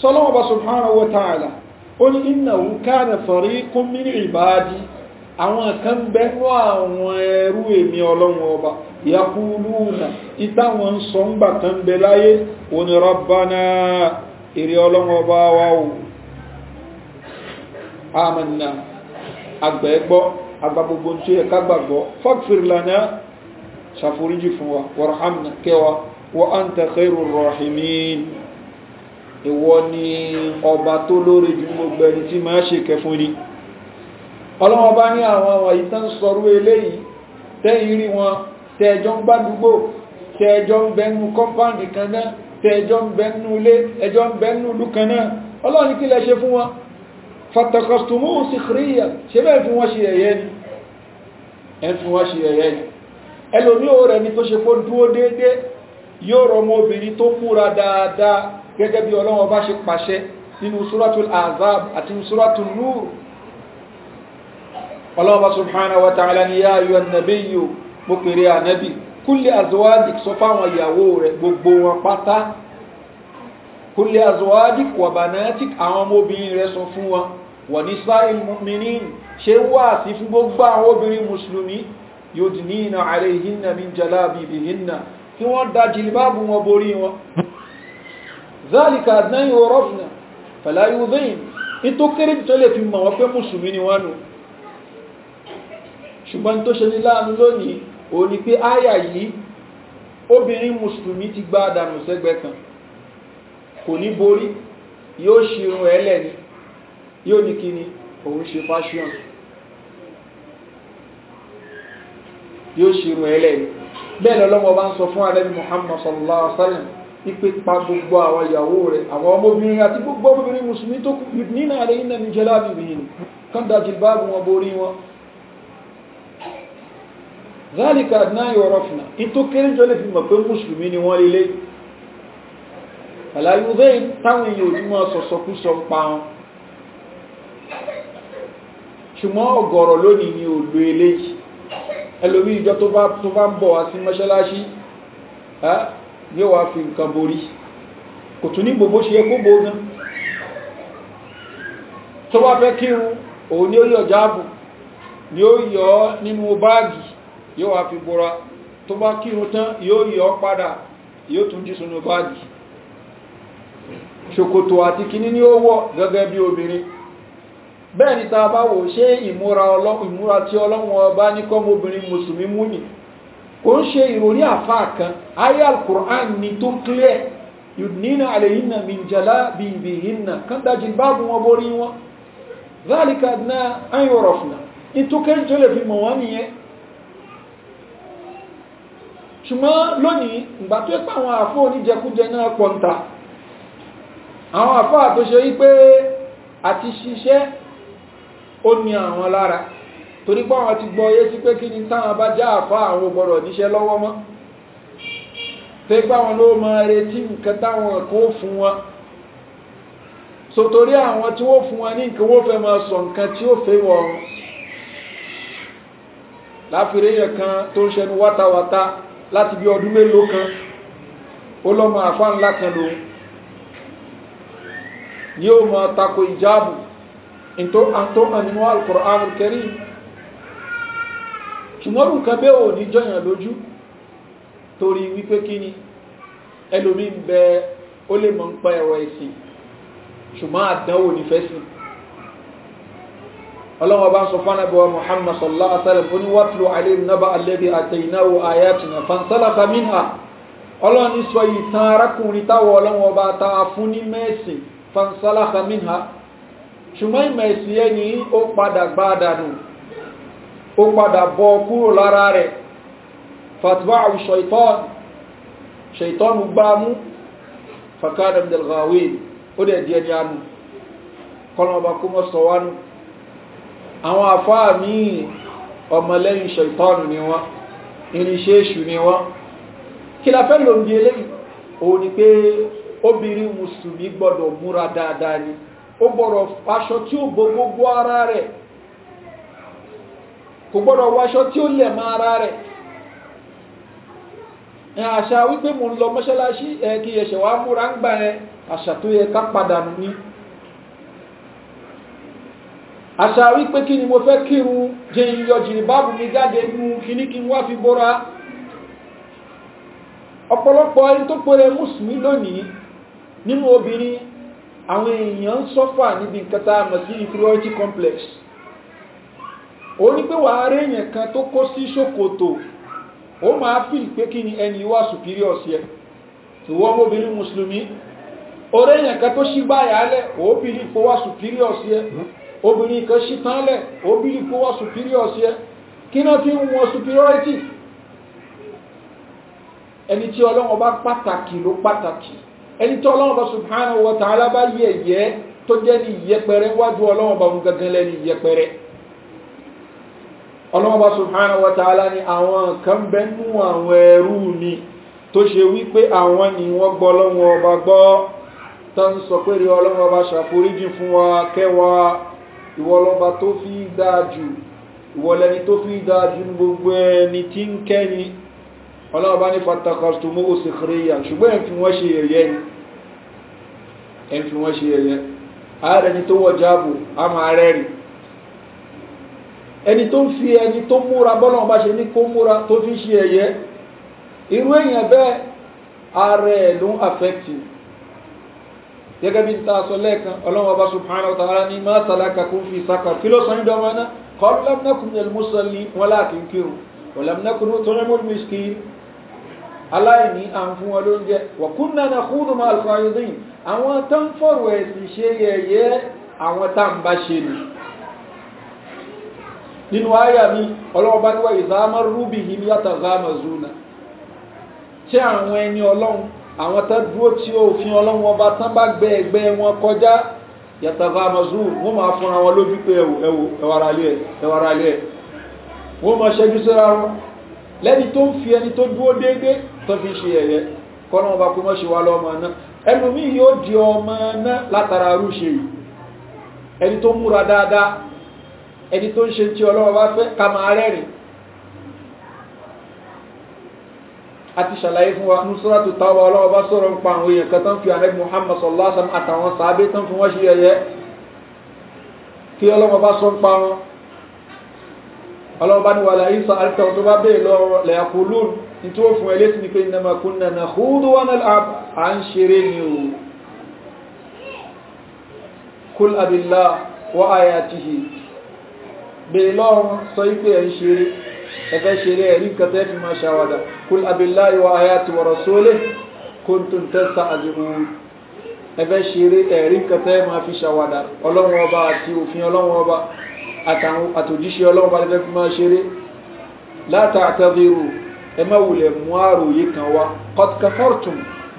sọ́lọ́wọ́ bá subhanahu wa ta'ala ó ní innahu kana fariqun min ibadi àwọn kan bẹ́nu àwọn ẹrú èmi ọlọ́run ọba yaquluna ìtàwọn sọ ń gbà tán bẹ láyé ó ní rabbana èrè ọlọ́run ọba wa ò ìwọ ni ọba tó lóore ju gbogbo ẹni tí máa ṣe kẹfún ni ọlọ́wọ́ bá ní àwọn àwọn ìtàn sọrú eléyìí tẹ́yìn rí wọn tẹ́ẹjọ́ ń gbádùgbò tẹ́ẹjọ́ ń bẹnu kọ́mpáǹdì kan náà tẹ́ẹjọ́ ń bẹnu ilé ẹjọ́ ń bẹnu ìlú kan náà kí lẹ ṣe fún wọn fatakostumu sikhriya ni ẹn fún wọn ṣe ẹ̀yẹ́ ni ẹlòmí gẹ́gẹ́ bí ọlọ́wọ́ bá ṣe pàṣẹ nínú suratul azab àti suratul nur ọlọ́wọ́ subhanahu wa ta'ala ni yá ayọ́ nabiyyu mo pèrè ànábì kulli azwadik sọ fáwọn ìyàwó rẹ̀ gbogbo wọn pátá kulli azwadik wa banatik àwọn ọmọbìnrin rẹ̀ sọ fún wọn wà ní sáàrin mu'minin ṣe wà záàlìkà àdínáyìn ọ̀rọ̀fìnà fàláyé ọdẹ́yìn ní tó kéré jù tó lè fi mọ̀ wọ́n pé mùsùlùmí ni wọ́n nù ṣùgbọ́n tó ṣe ní láàánú lónìí ò ní pé áyà yìí obìnrin mùsùlùmí ti gba àdànù sẹ́gbẹ́ kan kò ní borí yóò ṣirun ẹ̀lẹ̀ ni yóò ní kíni òun ṣe fashion yóò ṣirun ẹ̀lẹ̀ ni bẹ́ẹ̀ lọ́lọ́mọ bá ń sọ fún alẹ́bí muhammad sallallahu alaihi wa ipe pa gbogbo àwọn ìyàwó rẹ̀ àwọn ọmọbìnrin àti gbogbo ọmọbìnrin musulmi tó kù nínú àrẹ iná ní jẹ́ lábìbìnrin kan da jìlbáàbù wọn borí wọn zálìkà náà yọ̀rọ̀ fìnà in tó kéré jọ lè fi mọ̀ pé musulmi ni wọ́n lélẹ́ àlàyé táwọn èèyàn ìjọ tó bá ń bọ̀ wá sí mọ́ṣáláṣí yóò wá fi nǹkan borí kò tún ní gbogbo ṣe gbogbo gan tó bá fẹ́ kírun òun ni ó yọ jáàbù ni ó yọ nínú báàgì yóò wá fi bora tó bá kírun tán yóò yọ padà yóò tún jí sínú báàgì ṣòkòtò àti kíní ni ó wọ̀ gẹ́gẹ́ bí obìnrin bẹ́ẹ̀ ni ta bá wò ṣé ìmúra tí ọlọ́run ọba ní kọ́mọbìnrin mùsùlùmí múyìn kò ń ṣe ìròrí àfáà kan ayé al-Qur'an ni tó clear yudnina alayhinna min jalabibihinna kan dájí báàbù wọn borí wọn zalika adna an yurafna in tó kéré tó lè fi mọ̀ wọ́n nìyẹn ṣùgbọ́n lónìí ìgbà tó pẹ́ àwọn àfó oníjẹkújẹ náà pọ̀ǹta àwọn àfáà tó wípé àti ṣiṣẹ́ ó ní àwọn lára torí pé àwọn ti gbọ́ ọyé sí pé kí ni táwọn bá já àfa àwọn ò gbọ́dọ̀ níṣẹ́ lọ́wọ́ mọ́ tó ipá wọn ló máa retí nǹkan táwọn kó fún wọn so torí àwọn tí wọ́n fún wọn ní nǹkan wọ́n fẹ́ máa sọ nǹkan tí ó fẹ́ wọ̀ láfiré yẹn kan tó ń ṣẹnu wátawàta láti bí ọdún mélòó kan ó lọ́mọ àfa ńlá kan lòun yóò máa tako ìjáàbù tó hàn nínú alukur'an kẹrin ṣùgbọ́n nǹkan bẹ́ẹ̀ ò ní jọyàn lójú torí wípé kí ni ẹlòmí ń bẹ ó lè mọ̀ ń pa ẹ̀rọ ẹ̀sìn ṣùgbọ́n àdánwò ní fẹ́sìn ọlọ́wọ́ bá sọ fún àbúwá muhammad sallallahu alaihi wasallam oní wàtúlù alim naba alẹ́bí àtẹ̀yìnáwó ayatina sọ ìtàn arákùnrin ṣùgbọ́n ìmẹ̀sìn yẹn ó padà gbá dànù ó padà bọ́ kúrò lára rẹ̀ fatba'u shaitan shaitan gbámú fakadam delgawe ó dẹ̀ díẹ̀ ní anú kọlọmọba kó mọ́ sọ wánú àwọn àfáà míì ọmọlẹ́yìn shaitan ni wọ́n irinṣẹ́ èṣù ni wọ́n kí la fẹ́ ń di eléyìí ni pé obìnrin mùsùlùmí gbọ́dọ̀ múra dáadáa ni ó gbọ́dọ̀ aṣọ tí ó bo gbogbo ara rẹ̀ kò gbọ́dọ̀ wáṣọ tí ó lẹ̀ mọ́ ara rẹ̀ àṣà wípé mo ń lọ mọ́ṣáláṣí ẹ kí ẹ̀ṣẹ̀ wá múra ń gbà ẹ àṣà tó yẹ ká padà nù ní àṣà wípé kí ni mo fẹ́ kírun jẹ ìyọ jìnì báàbù mi jáde mú kíní kí wá fi bọ́ra ọ̀pọ̀lọpọ̀ ẹni tó pèrè mùsùlùmí lónìí nínú obìnrin àwọn èèyàn ń sọ́fà níbi nǹkan tá a mọ̀ sí inferiority complex ó ní pé wàá réèyàn kan tó kó sí ṣòkòtò ó máa fi pé kí ni ẹni wà superior sí ẹ ìwọ ọmọbìnrin mùsùlùmí oréyàn kan tó ṣí gbáyà lẹ̀ obìnrin kó wà superior sí ẹ obìnrin kan ṣí tán lẹ̀ obìnrin kó wà superior sí ẹ kí náà fi ń wọn superiority ẹni tí ọlọ́run bá pàtàkì ló pàtàkì ẹni tí ọlọ́run bá subhanahu wa ta'ala bá yẹ̀yẹ́ tó jẹ́ ní ìyẹpẹrẹ wájú ọlọ́run bá mú gangan lẹ́ni ìyẹpẹrẹ ọlọ́wọ́ subhanahu wa ta'ala ni àwọn kan bẹ́nu àwọn ẹrú ni tó ṣe wípé àwọn ni wọ́n gbọ́ lọ́wọ́ ọba gbọ́ tó ń sọ pé rí ọlọ́wọ́ ọba ṣàforíjì fún wa kẹwàá ìwọlọ́ba tó fi dáa jù ìwọlẹ́ni tó fi dáa jù gbogbo ẹni tí ń kẹ́ni ọlọ́ọ̀bá ní fatakartumu òsìkìríyà ṣùgbọ́n ẹni tó ń fi ẹni tó múra bọ́lọ̀ bá ṣe ní kó múra tó fi ṣe ẹ̀yẹ irú èèyàn bẹ́ẹ̀ ààrẹ ló ń àfẹ́kì gẹ́gẹ́ bí ta sọ lẹ́ẹ̀kan ọlọ́run ọba subhanahu wa ta'ala ní máa sàlákà kó fi sàkà kí ló sàn dọ́mọ náà kọ́lù lámnákùn yẹn mùsùn ní wọn láàkín kírun wọ́n tó rẹ́ mọ́lù mìsíkì aláìní à ń fún wọn lóúnjẹ wọ̀kún náà na kúrò máa kọ́ ayọ́dún àwọn tó ń fọ̀rọ̀ ẹ̀sìn ṣe yẹ̀yẹ́ àwọn tá à ń bá ṣe nìyí nínú àyà mi ọlọ́run bá níwọ̀ ìzámọ́ rubi yìí yàtọ̀ zámọ́ zuna tí àwọn ẹni ọlọ́run àwọn tán dúró tí òfin ọlọ́run ọba tán bá gbẹ ẹgbẹ́ wọn kọjá yàtọ̀ zámọ́ zuna wọ́n máa fúnra wọn lójú pé ẹwù ẹwù ẹwàrálẹ̀ ẹwàrálẹ̀ wọ́n máa ṣẹ́jú síra wọn lẹ́ni tó ń fi ẹni tó dúó déédé tó fi ṣe ẹ̀yẹ kọ́nà ọba kó mọ́ ṣe wá lọ́mọ náà ẹlòmíì yóò di ọmọ náà látara arúṣe yìí ẹni tó múra dáadáa ẹni tó ń ṣe tí ọlọ́wọ́ bá fẹ́ ká máa rẹ́rìn àti ṣàlàyé fún wa nusra tó táwọn ọlọ́wọ́ bá sọ̀rọ̀ ń pa àwọn èèyàn kan tán fi àrẹ muhammad sallallahu alaihi wasallam àtàwọn sàábé tán fi wọ́n ṣe yẹyẹ kí ọlọ́wọ́ bá sọ ń pa wọn ọlọ́wọ́ bá ní wàhálà isa alitaw tó bá bẹ́ẹ̀ lọ lẹ́yàkúlùn wa ayatihi bèèrè lọ́rùn sọ ipé ẹ̀ ń ṣeré ẹ̀fẹ́ ṣeré ẹ̀rí nǹkan tẹ́ fi máa ṣàwàdà kul abillahi wa ayati wa rasulihi kuntum tastahzi'un ẹ̀fẹ́ ṣeré ẹ̀rí nǹkan tẹ́ máa fi ṣàwàdà ọlọ́run ọba àti òfin ọlọ́run ọba àtòjíṣẹ́ ọlọ́run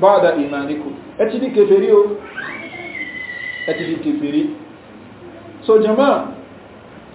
ba'da imanikum ẹ ti di kèfèrí o ẹ ti di kèfèrí so jama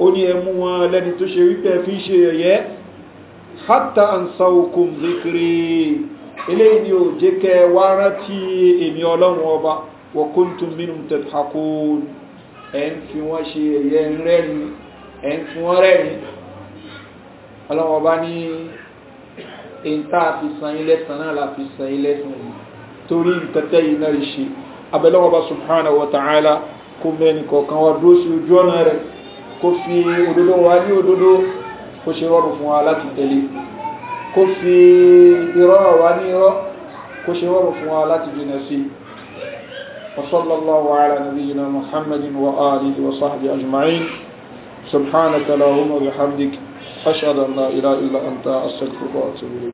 ó ní ẹmú wọn lẹ́ni tó ṣe wípé fi ṣe ẹ̀yẹ́ hátà ń sa okùn zikiri eléyìí ni ò jẹ́ kẹ wá rántí èmi ọlọ́run ọba wọ̀kún tún mínú tẹ̀tàkùn ẹ̀ ń fi wọ́n ṣe ẹ̀yẹ́ rẹ́rin ẹ̀ ń fi wọ́n rẹ́rin ọlọ́run ọba ní rẹ̀ kó fi òdodo wa ní òdodo kó ṣe rọrùn fún wa láti tẹ̀lé kó fi irọ́ wa ní irọ́ kó ṣe rọrùn fún wa láti jìnà sí وصلى الله على نبينا محمد وآله وصحبه أجمعين سبحانك اللهم وبحمدك أشهد أن لا إله إلا أنت أستغفرك وأتوب إليك